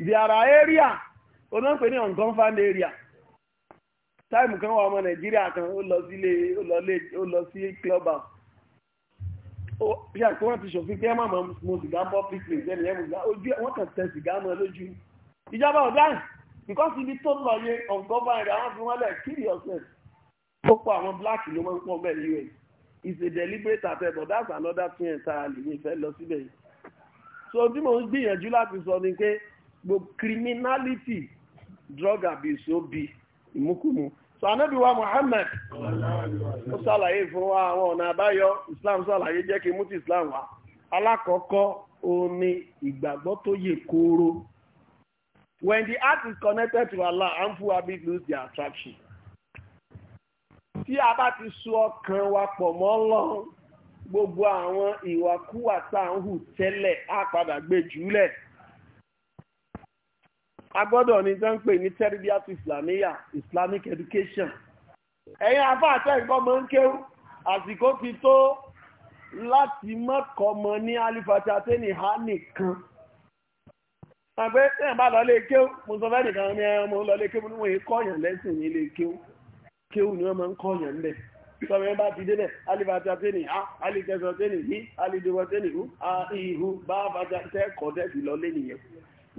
the ara area onáńpẹ ní unconfirmed area táìmù kan wà ọmọ nàìjíríà kan ó lọ sí club house bí àti wọ́n ti ṣòfin kí ẹ má mọ sìgá bọ́ pípé ìjẹ́ni ẹ̀ mọ̀gá ojú wọ́n kàn tẹ sìgá mọ́ lójú ìjọba ọ̀gá because ibi tó lọ yẹ ọ̀gọ́bà rẹ̀ àwọn fi wọ́n lẹ̀ kill yourself ó pọ̀ àwọn black ló máa ń pọ̀ bẹ́ẹ̀ ní us is a deliberate attempt but that's another thing entirely mi fẹ́ lọ síbẹ̀ yìí so bí mo ń gbìyànjú láti sọ ni pé gbogbo criminality drug abuse ó bi ìmúkùmù so ànábì wa Muhammad ó ṣàlàyé fún àwọn ọ̀nà àbáyọ Islam ṣàlàyé jẹ́ kí mú Islam wá alákọ̀ọ́kọ́ ó ní ìgbàgbọ́ tó yè kóró when the heart is connected to Allah harmful habits lose their attraction tí a bá ti so ọkàn wa pọ̀ mọ́ Ọlọ́run gbogbo àwọn ìwàkúwà tá à ń hù tẹ́lẹ̀ á padà gbé jùlẹ̀. agbọ́dọ̀ ní tó ń pè ní tẹ́rìbíàtù islamiyà islamic education ẹ̀yin afá àtẹ́gbọ́ mọ́ ń kéwú àsìkò ti tó láti mọ́kọ̀ọ́mọ ní alifata tẹ́nì ha nìkan àgbẹ̀ tẹ́yìn bá lọ lé kéwú mo sọ fẹ́ nìkan ní ọmọ lọ lé kéwú níwọ̀n kọ́yàn lẹ́sìn ní lé kéwú kéwú ni wọ́n máa ń kọ́yàn lẹ̀ sọmọ ẹ bá ti délẹ̀ alifata tẹ́nì ha alifẹsọ tẹ́nì yí alidewọ tẹ́nì hu ihu bá fata tẹ́kọ̀ọ́ tẹ́sì lọ lé nìyẹn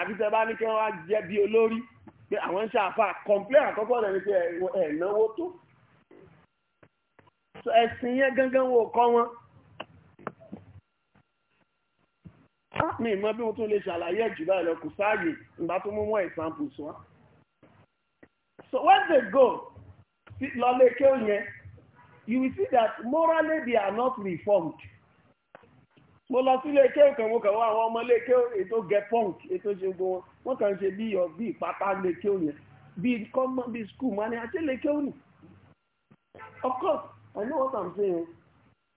àbí tẹ bá ní kí wọ́n wá jẹ́ bí olórí pé àwọn ń ṣàfà kọ̀m̀plẹ́ àkọ́kọ́ rẹ̀ ní pé ẹ̀ tó ẹ̀sìn yẹn gangan wò kọ́ wọn. Ah, mi mọ bí mo tún lè ṣàlàyé ẹ̀ jù báyìí lọ kò sáàyè nígbà tó mú mọ́ examples wọn. so when they go lọ kéwòn yẹn you will see that morally they are not reformed mo lọ sílé ike nǹkan mo kàn wá àwọn ọmọ ilé ike ètò get punk ètò ṣe gbogbo wọn wọn kàn ṣe bí ọbí ìpátá ilé ike òní bí kọ́mọ bí skul mọ ni àti ilé ike òní of course i know what i'm saying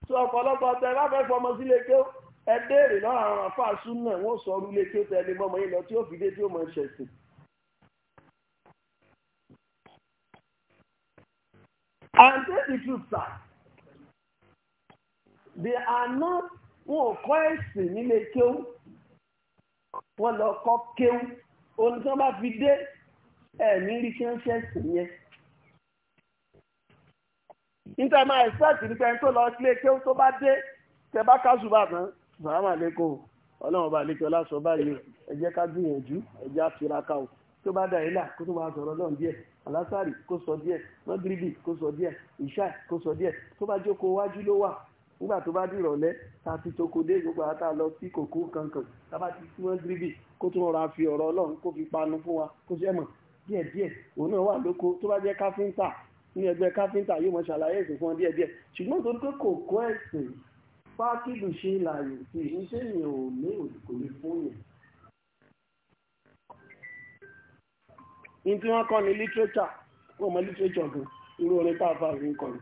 so ọ̀pọ̀lọpọ̀ ọ̀tẹ̀ bá fẹ́ fọmọ sílé ike ẹ béèrè lọ́rọ̀ àwọn afáàsù náà wọ́n sọ ọrú ilé ike tẹ̀lé mọ́mọ yìí lọ tí ó fi dé tí ó mọ ṣẹ̀sìn. and take the truth sir they are not wọn ò kọ́ ẹ̀sìn nílé kéwú wọn lọ kọ́ kéwú ohun tí wọ́n bá fi dé ẹ̀mí rí kí wọ́n ṣe ẹ̀sìn yẹn. níta máa ẹ̀sẹ̀tì nípa ẹni tó lọ sílé kéwú tó bá dé tẹ bá ká ṣùgbọ́n àtàn sàrámà lẹ́kọ̀ọ́ ọlọ́run bá lẹ́kọ̀ọ́ láṣọ báyìí ẹ jẹ́ ká gbìyànjú ẹ jẹ́ àfiraka o tó bá dà ilà kó tó máa sọ̀rọ̀ lọ́n díẹ̀ alásàrì kó sọ díẹ̀ mọ́gìrìbì kó sọ díẹ̀ ìṣá kó sọ díẹ̀ tó bá jókòó wájú ló wà nígbà tó bá dìrọ̀lẹ́ ta ti toko dé gbogbo àtà lọ sí kòkó kankan tábà ti tí wọ́n gírígì kó tún rọra fi ọ̀rọ̀ ọlọ́run kó fi panu fún wa kó ṣe mọ̀ díẹ̀díẹ̀ òun náà wà lóko tó bá jẹ́ káfíńtà ní ẹgbẹ́ káfíńtà yóò mọ̀ ṣàlàyé ẹ̀sìn fún wọn díẹ̀díẹ̀ ṣùgbọ́n torí pé kò ẹ̀sìn fákìlù ṣe làyè sí iṣẹ́ yẹn ò ní kò ní fún yẹn. tí wọ́n kọ́ ni literature wọ́n mọ literature gan irú orin tá a fà ń kọrin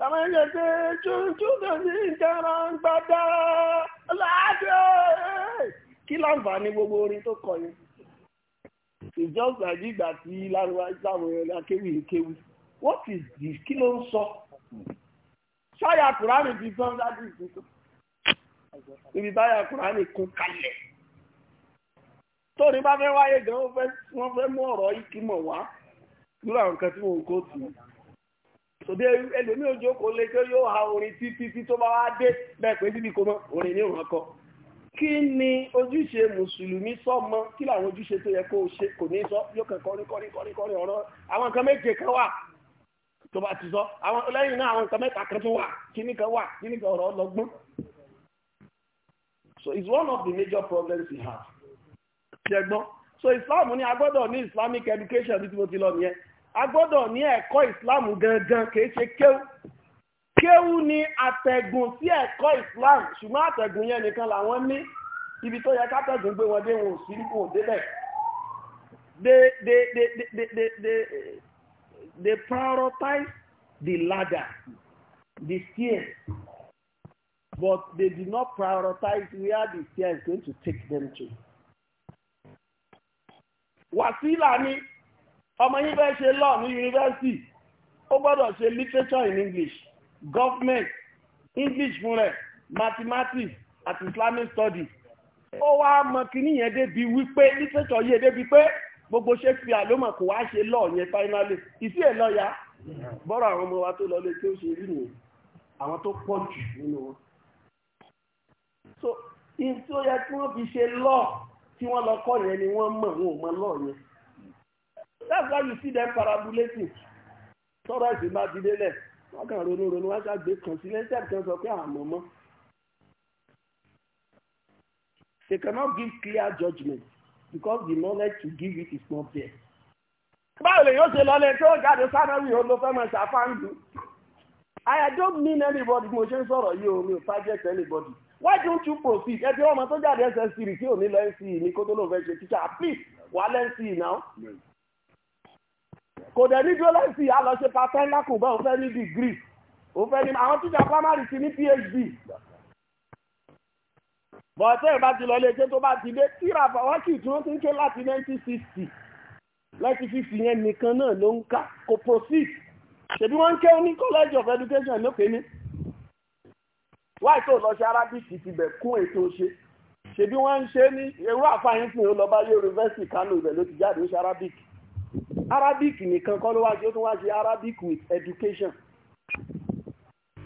Àwọn ẹ̀jẹ̀ tí tuntun tó ní ìjọra ń gbádá láàájọ́ kí láǹfààní gbogbo orin tó kọ yẹn. Ìjọba ìgbà tí lárúwá ìsáwọn akéwì kéwì. What is this? Kí ló ń sọ? Ṣáyà Kùránì ti sọ́ńdá dì ìsìnkú. Ibi táyà Kùránì kún kalẹ̀ tó bá fẹ́ wáyé gan wọ́n fẹ́ mú ọ̀rọ̀ ìkímọ̀ wá lórí nǹkan tí wọ́n kó tù ú tòbí ẹlòmí òjò kò lè tó yóò ha orin títí tí tó bá wá dé bẹ́ẹ̀ pé síbi kò mọ́ orin ní òun akọ kí ni ojúṣe mùsùlùmí sọmọ kí làwọn ojúṣe tó yẹ kó o ṣe kò ní sọ yóò kàn kọrin kọrin kọrin kọrin ọ̀rọ̀ àwọn nǹkan méje kan wà tó bá ti sọ lẹ́yìn náà àwọn nǹkan mẹ́ta kan tó wà kíní so it's one of the major problems we have ṣẹgbọ́n so islam ní agbọ́dọ̀ ní islamic education bí mo ti lọ nìyẹn agbọ́dọ̀ ní ẹ̀kọ́ islam gangan kì í ṣe kéwú kéwú ni àtẹ̀gùn sí ẹ̀kọ́ islam ṣùgbọ́n àtẹ̀gùn yẹn nìkan làwọn ní ibi tó yẹ kátẹ̀gùn gbé wọn dé wọn ò sí wọn ò débẹ̀ they they they they they they prioritize the ladder the stairs but they did not prioritize where the stairs is going to take them to wàsílà ni ọmọ yín fẹ́ ṣe law ní yunifásitì ó gbọ́dọ̀ ṣe literature in english government english fún rẹ̀ mathematics àti islamic studies ó wá mọ kíní yẹn débi wípé literature yé débi pé gbogbo shakespeare ló mọ̀ kó wá ṣe law yẹn finally ìsí ẹ̀ lọ́ọ̀yà bọ́rọ̀ àwọn ọmọ wa tó lọ lé tí ó ṣe rí nìyẹn àwọn tó pọ̀ jù nínú wọn. so ìtòyẹ tí wọ́n fi ṣe law tí wọ́n lọ kọ́ yẹn ni wọ́n mọ̀ wọn ò mọ lọ́ọ̀ yẹn. that's why you see them parabulating sọ́rọ̀ ẹ̀sìn bá ti délẹ̀ wọ́n kàn ronú ronú wọ́n ṣàgbé kàn sí lẹ́sẹ̀ kan sọ pé àmọ́ mọ́. they cannot give clear judgment because the knowledge to give it is not there. báwo lè yóò ṣe lọ lẹ tí jáde sánáwì ó ló fẹ́ mọ̀ ṣàfáǹdù. I don't mean anybody mo ṣe ń sọ̀rọ̀ yìí o mi ò fájẹ́ tẹ́lẹ̀ bọ́dì why don't you proceed ẹ ti ọmọ tó jáde ss three tí ò ní lọ nce ní kó tó lóun fẹ́ ṣe teacher please wà lọ nce now kò dẹ̀ ní dúró lẹ́sìn yìí a lọ ṣe patent lákùnbá òun fẹ́ ní degree òun fẹ́ ní àwọn teacher primary ti ní phd bọ̀ọ̀tẹ́ ìbá ti lọ ilé iṣẹ́ tó bá ti dé tíra fàwákì tí wọ́n ti ń ké láti 1960 láti fífi yẹn nìkan náà ló ń ká kò proceed ṣèbí wọ́n ń ké ní college of education lókè ní. No wáì tó lọ ṣe arabic ti bẹ̀ kún ètò ṣe ṣebí wọ́n ń ṣe ní irú àfààyàn fún yóò lọ bá yunifásitì kánò ibẹ̀ ló ti jáde ó ṣe arabic arabic nìkan kọ́ ló wá ṣe ó tún wá ṣe arabic with education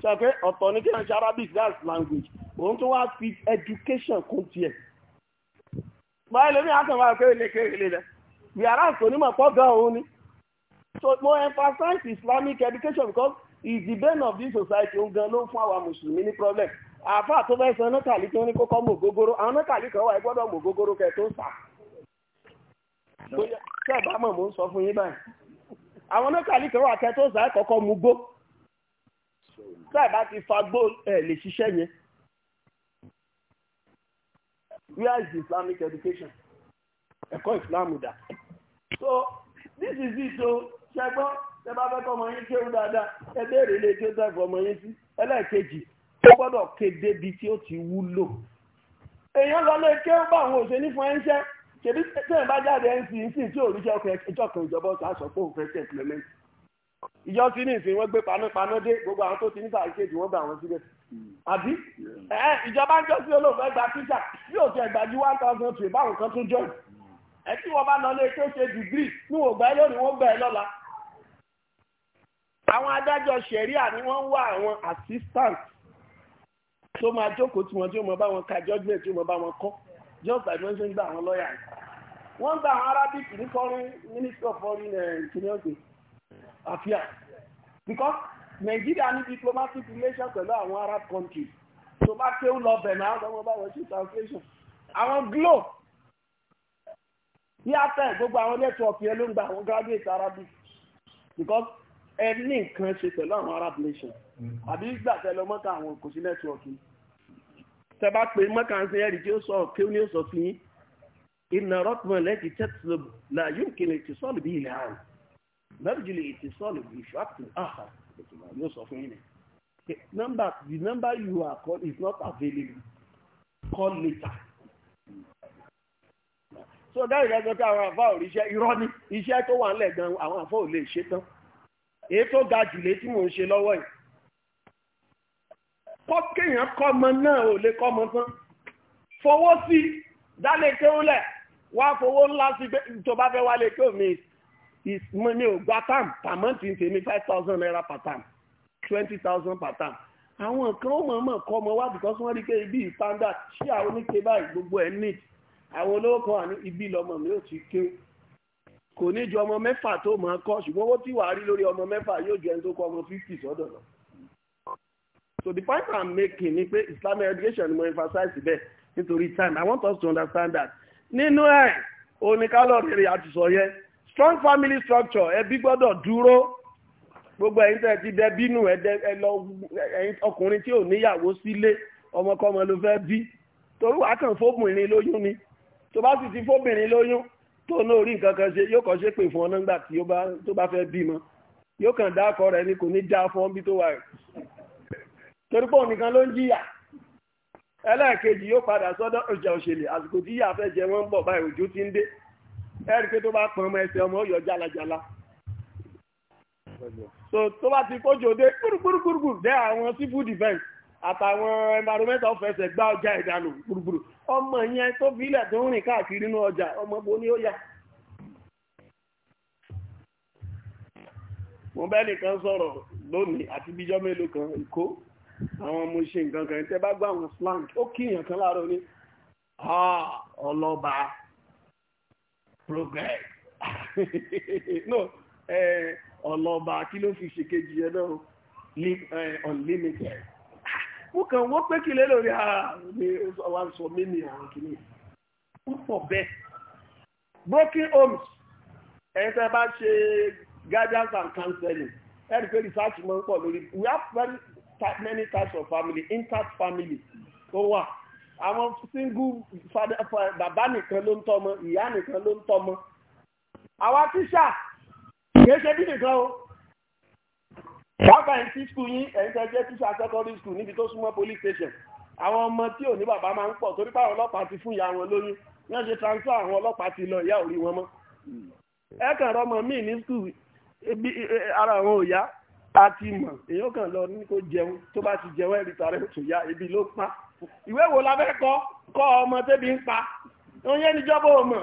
ṣe pé ọ̀tọ̀ ní kí wọ́n ṣe arabic that's language òun tún wá fi education kún tiẹ̀ báyìí lómi àtàwọn akéwì lè kéwì lè lẹ yàrá àtònímọ̀ pọ̀ gan-an òun ni so mo emphasize Islamic education because is the bane of this society ó gan ló ń fún àwa mùsùlùmí ní problem àáfàá tó fẹ́ san nọ́tàlí tí wọ́n ní kókó mọ̀ gógóró àwọn nọ́tàlí kan wà ẹ gbọ́dọ̀ mọ̀ gógóró kẹ tó sà tẹ́ ẹ̀ bá mọ̀ mò ń sọ fún yín báyìí àwọn nọ́tàlí kan wà kẹ tó sà ẹ kọ́kọ́ mu gbó tẹ́ ẹ̀ bá ti fa gbó ẹ̀ lè ṣiṣẹ́ yẹn where is the Islamic education ẹ̀kọ́ ìsìlámù dà so this is it o ṣẹgbọ́n tẹ bá fẹ́ kọ́ ọmọ yín kéwú dáadáa ẹ béèrè ilé tí ó tẹ̀ fún ọmọ yín sí ẹlẹ́ẹ̀kejì ó gbọ́dọ̀ kéde ibi tí ó ti wúlò. èèyàn lọ lé kéwú bá àwọn òṣèlú fún ẹ̀ńṣẹ́ ṣèbí tẹ̀yìn bá jáde ẹ̀ńsì ń sìn tí òrìṣẹ́ ọkọ̀ ẹjọ́ kan ìjọba ọ̀sán aṣọ pé òun fẹ́ tẹ̀ implement. ìjọ sí ní ìsìn wọn gbé panápaná dé gbogbo àwọn tó ti ní sàkéjì wọn gbà wọn síbẹ̀. àbí ìjọba ń jọ sí olóògbé gba tíṣà bí òkè ẹgbàájú one thousand three báwọn kan tún jọ ẹ tí wọn bá lọ lé kí ó ṣe dìgírì níwọ̀n gbà lónìí wọn gbà ẹ lọ́la àwọn adájọ́ ṣẹ̀ríà ni wọ́n ń wá àwọn assistant tó máa jókòó tí wọ́n tí ó mọ bá wọn ka judgement tí ó mọ bá wọn kọ́ just like wọ́n ṣe ń gba àwọn lọ́ọ̀yà yìí gba àwọn Arabic ní foreign minister of foreign eh, ìtìlẹ́ọ̀gbẹ̀ affairs because Nigeria ní diplomatic relations pẹ̀lú àwọn Arab countries tó bá kéwù lọ bẹ̀ náà lọ́wọ́ bá wọ́n ṣe translation àwọn glo yíyá tẹ̀ gbogbo àwọn network yẹn ló ń gba àwọn graduate Arabic because ẹ ní nǹkan ṣe pẹ̀lú àwọn arab nation mm-hmm. àbí gbà tẹ lọ mọ́ta àwọn kò sí nẹ́tíwọ̀kì tẹ bá pé mọ́ta ń ṣe ẹ̀rí tí ó sọ kí ó ní ó sọ sí iná rọ́tman lẹ́kì tẹ́tìlẹ́ la yóò kéde ti sọ́ọ̀lù bí ilẹ̀ àrùn lọ́dún jùlọ ètò sọ́ọ̀lù bí ìṣọ́ọ̀tì àhà yóò sọ fún yín number the number you are called is not available call later so dáhùn ìdájọ́ pé àwọn àfa ò rí iṣẹ́ irọ́ ni iṣẹ́ tó wà ńlẹ̀ gan àwọn àfa ò lè ṣe èyí tó ga jù lé tí mò ń ṣe lọ́wọ́ yìí kọ́ kéèyàn kọ́mọ náà ò lè kọ́mọ tán fowó sí dálé kéwúlẹ̀ wá fowó ńlá sí tó bá fẹ́ wálé kéwù mi mo ní ò gba tam pàmọ́ǹtì ń tèmi five thousand naira per tam twenty thousand per tam àwọn kan ó mọ̀ mọ̀ kọ́ ọmọ wá because wọ́n rí pé ibi standard ṣé àwọn oníke báyìí gbogbo ẹ̀ nìt àwọn olówó kan wà ní ibi lọ́mọ mi ò ti kéwù kò ní ju ọmọ mẹ́fà tó máa kọ́ ṣùgbọ́n owó tí wàá rí lórí ọmọ mẹ́fà yóò ju ẹni tó kọ́ ọmọ fifty sọ́dọ̀ lọ. so the point i'm making ni pé islamic education ni mo emphasize bẹ́ẹ̀ nítorí time i want us to understand that nínú ẹ̀ oníkálọ̀rì rẹ̀ àtúnṣọ yẹn strong family structure ẹbí gbọ́dọ̀ dúró gbogbo ẹ̀yin tẹ́ ti dẹ bínú ẹ lọ ẹ̀yin ọkùnrin tí ò níyàwó sílé ọmọkọ́mọ ló fẹ́ bí torí wàá kàn fóbìnrin lóyún ni tó bá sì ti fóbìnrin lóyún tó náà rí nǹkan kan ṣe yóò kàn ṣe pè fún ọ nígbà tí tó bá fẹ́ bímọ yóò kàn dá akọ rẹ ni kò ní dá fún bí tó wà rẹ torí pé òun nìkan ló ń jìyà ẹlẹ́ẹ̀kejì yóò padà sọ́dọ̀ ọjà òṣèlè àsìkò tí yíyà fẹ́ jẹ wọ́n ń bọ̀ báyìí òjò ti ń dé ẹ̀rí pé tó bá pọn ọmọ ẹsẹ̀ ọmọ ọyọ jálajàla so tó bá ti kójò dé gbúrúgbúrúgbúrú dé àwọn civil defence àtàwọn environmental officer gbá ọjà ìdànù gbùrùgbùrù ọmọ yẹn tó fílẹ̀ tó ń rìn káàkiri inú ọjà ọmọ bo ni ó yà. mo bẹ́ẹ̀ nìkan sọ̀rọ̀ lónìí àti bíjọ́ mélòó kan ìkó àwọn ọmọ ṣe nǹkan kan tẹ́ bá gbọ́ àwọn slang ó kíyàn kan láàárọ̀ ní ọlọ́ba progress no ọlọ́ba kí ló fi ṣe kejì yẹn náà unlimited mo kàn wọ́n pé kí lé lórí àwọn ah, àṣọ mi ní àwọn kìíní ń pọ̀ bẹ́ẹ̀ broken homes ẹ̀yin tẹ́ bá ṣe guidance and counseling ẹ̀rí pé research máa ń pọ̀ lórí we have very many types of family intact family tó wà àwọn single bàbá nìkan ló ń tọ́mọ ìyá nìkan ló ń tọ́mọ àwa tíṣà kìí ṣe bí nìkan o Wọ́n kàn sí skul yín ẹ̀yin tẹ́ jẹ́ tíṣà secondary school níbi tó súnmọ́ police station. Àwọn ọmọ tí ò ní bàbá máa ń pọ̀ torí pé àwọn ọlọ́pàá ti fún ìyá wọn lóyún. Wọ́n ṣe transfer àwọn ọlọ́pàá ti lọ ìyá òrí wọn mọ́. Ẹ kàn rọmọ míì ní skul ara àwọn òyá a ti mọ̀ èèyàn kàn lọ ní kó jẹun tó bá ti jẹun ẹ̀rí tààrẹ tó yá ebi ló pa. Ìwé wo la fẹ́ kọ́ kọ́ ọmọ tẹ́bi ń pa. Oyin ẹnìjọba ò mọ̀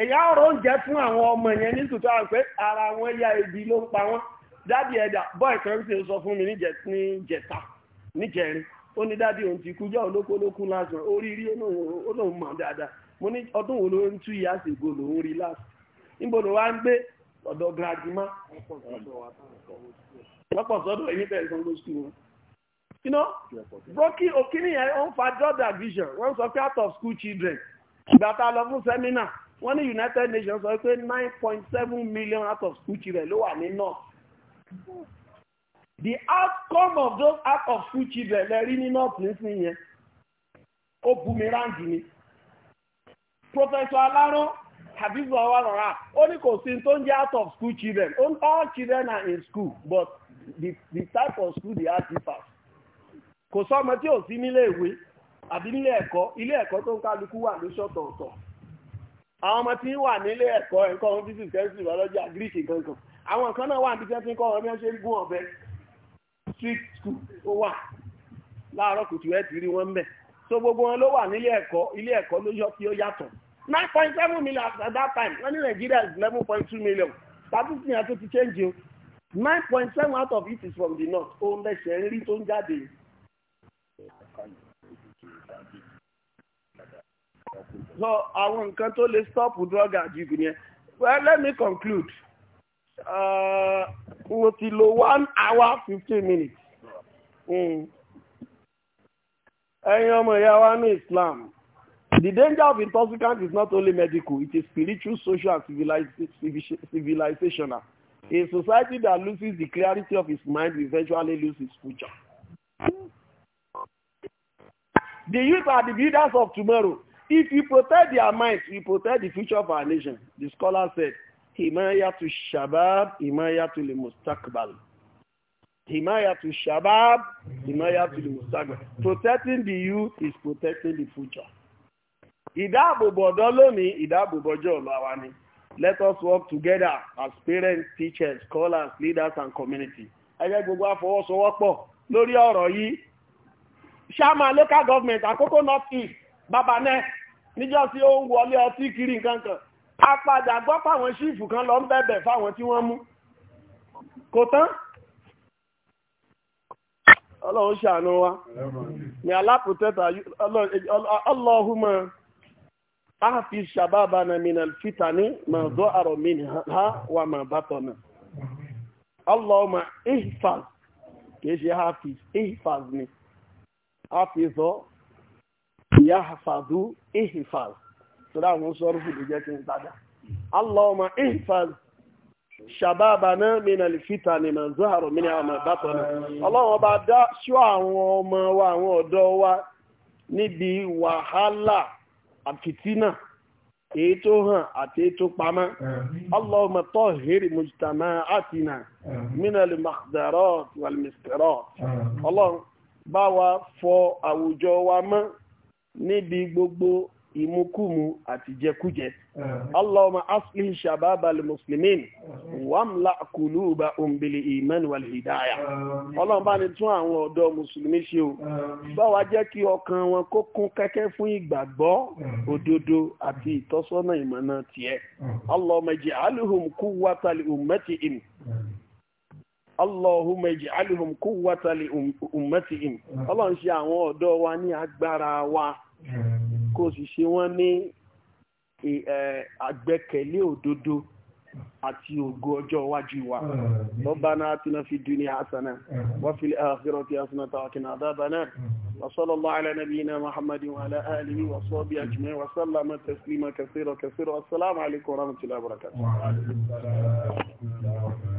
èyí ọ̀rọ̀ oúnjẹ fún àwọn ọmọ yẹn ní tòótọ́ àpẹ́ ara wọn ya ebi ló ń pa wọn dádì ẹ̀dà bọ́ọ̀ kan ti sọ fún mi ní jẹta níjẹrin ó ní dádì òun ti kú jọ olókólókún lásán oríire ó lóun mọ̀ dáadáa mo ní ọdún wo ló ń tú ìyá àsìkò lòún rí lásán níbo ló wá ń gbé ọ̀dọ̀ gradima lọ́pọ̀ sọ́dọ̀ èyí tẹ̀ ìsanwó skul wọn. you know broki okini yẹn ń fa drug addiction wọ́n sọ pé out of school children ìgbà tá a lọ fún seminar wọ́n ní United Nations sọ pé nine point seven million out of school children ló wà ní north the outcome of those out of school children lè rí ní north nísìnyí yẹn ó bumirangi ni Professor Alaro habibu awarora ó ní kò sí tó ń jẹ́ out of school children all children are in school but the the type of school they are differs kò sọ́mọ tí ò sí nílé ìwé àbí nílé ẹ̀kọ́ ilé ẹ̀kọ́ tó ń kálukú wà ní ṣọ̀tọ̀ọ̀tọ̀ àwọn ọmọ tí ń wà nílé ẹ̀kọ́ ẹ̀kọ́ wọn fífi kẹ́sì biology agric kankan àwọn kan náà wà níbi tí wọ́n ti ń kọ́ wọn bí wọ́n ṣe ń gún ọ̀bẹ street school ó wà láàárọ̀ kùtù ẹ̀ ti wọn mẹ́ so gbogbo wọn ló wà nílé ẹ̀kọ́ ilé ẹ̀kọ́ ló yọ kí ó yàtọ̀ nine point seven million at that time wọ́n ní Nàìjíríà is eleven point two million statistics yẹn tó ti change o nine point seven out of it is from the north ó ń bẹ̀ ṣẹ́ ń rí tó ń jáde so àwọn nǹkan tó lè stop drug abuse yẹn well let me conclude uh, mo ti lo one hour fifteen minutes hmm. ẹ̀yin ọmọ ìyá wa ní Islam the danger of intoxicant is not only medical it is spiritual social and civilizational. A society that loses the clarity of its mind will eventually lose its future. The youth are the builders of tomorrow. If you protect their minds, you protect the future of our nation. The scholar said, Himayatu Shabab, Himayatu Mustakbal. Himayatu Shabab, Himayatu Mustakbal. Protecting the youth is protecting the future. Ìdáàbòbò ọ̀dọ́ lónìí, ìdáàbòbò ọjọ́ ọ̀la wa Let us work together as parents, teachers, scholars, leaders and community. Ẹ jẹ́ gbogbo àfọwọ́sowọ́pọ̀ lórí ọ̀rọ̀ yìí. Ṣáàmà local government àkókò north east bàbá náà níjọ́ tí ó ń wọlé ọtí kiri nǹkan kan gbọ́ fáwọn ṣífù kan lọ ń bẹ̀bẹ̀ fáwọn tí wọ́n mú kò tán ọlọ́run ṣàánú wa ni alápòtẹ́ta ṣàbábà na minal ma àrọ̀ ha wa ma bàtọ̀ na ọlọ́ọ̀mà kìí ṣe ya àfàdú ìhìfàz tó dáwọn sọ́rọ̀ fún ìjẹ́ kí n tàdá allahumma ìhìfàz ṣàbábàná mìíràn fìtà ní manzúhàrò mìíràn àmà bátọ̀nà ọlọ́wọ́n bá dá ṣọ́ àwọn ọmọ wa àwọn ọ̀dọ́ níbi wàhálà àfìtínà ètò hàn àti ètò wa fọ àwùjọ wa mọ́ níbi gbogbo ìmúkúmu àti jẹkújẹ. Allahumma aslih shababa al-muslimin wamla kuluba umbili iman wal hidaya. Ọlọ́run bá ni tún àwọn ọ̀dọ́ Mùsùlùmí ṣe o. Bá wa jẹ́ kí ọkàn wọn kó kún kẹ́kẹ́ fún ìgbàgbọ́ òdodo àti ìtọ́sọ́nà ìmọ̀nà tiẹ̀. Allahumma ij'alhum quwwata li im. Allahumma ij'alhum quwwatan li um-, ummatihim. Ọlọ́run ṣe àwọn ọ̀dọ́ wa ní agbára wa kó sì ṣe wọ́n ní àgbẹ́kẹ̀lé òdodo àti ògo ọjọ́ iwájú wa. Rabbana atina fid dunya hasana wa fil akhirati hasanatan wa qina adhaban nar. Wa sallallahu ala nabiyyina Muhammadin wa ala alihi wa sahbihi ajma'in wa sallama taslima kathira kathira. Assalamu alaikum wa rahmatullahi wa barakatuh.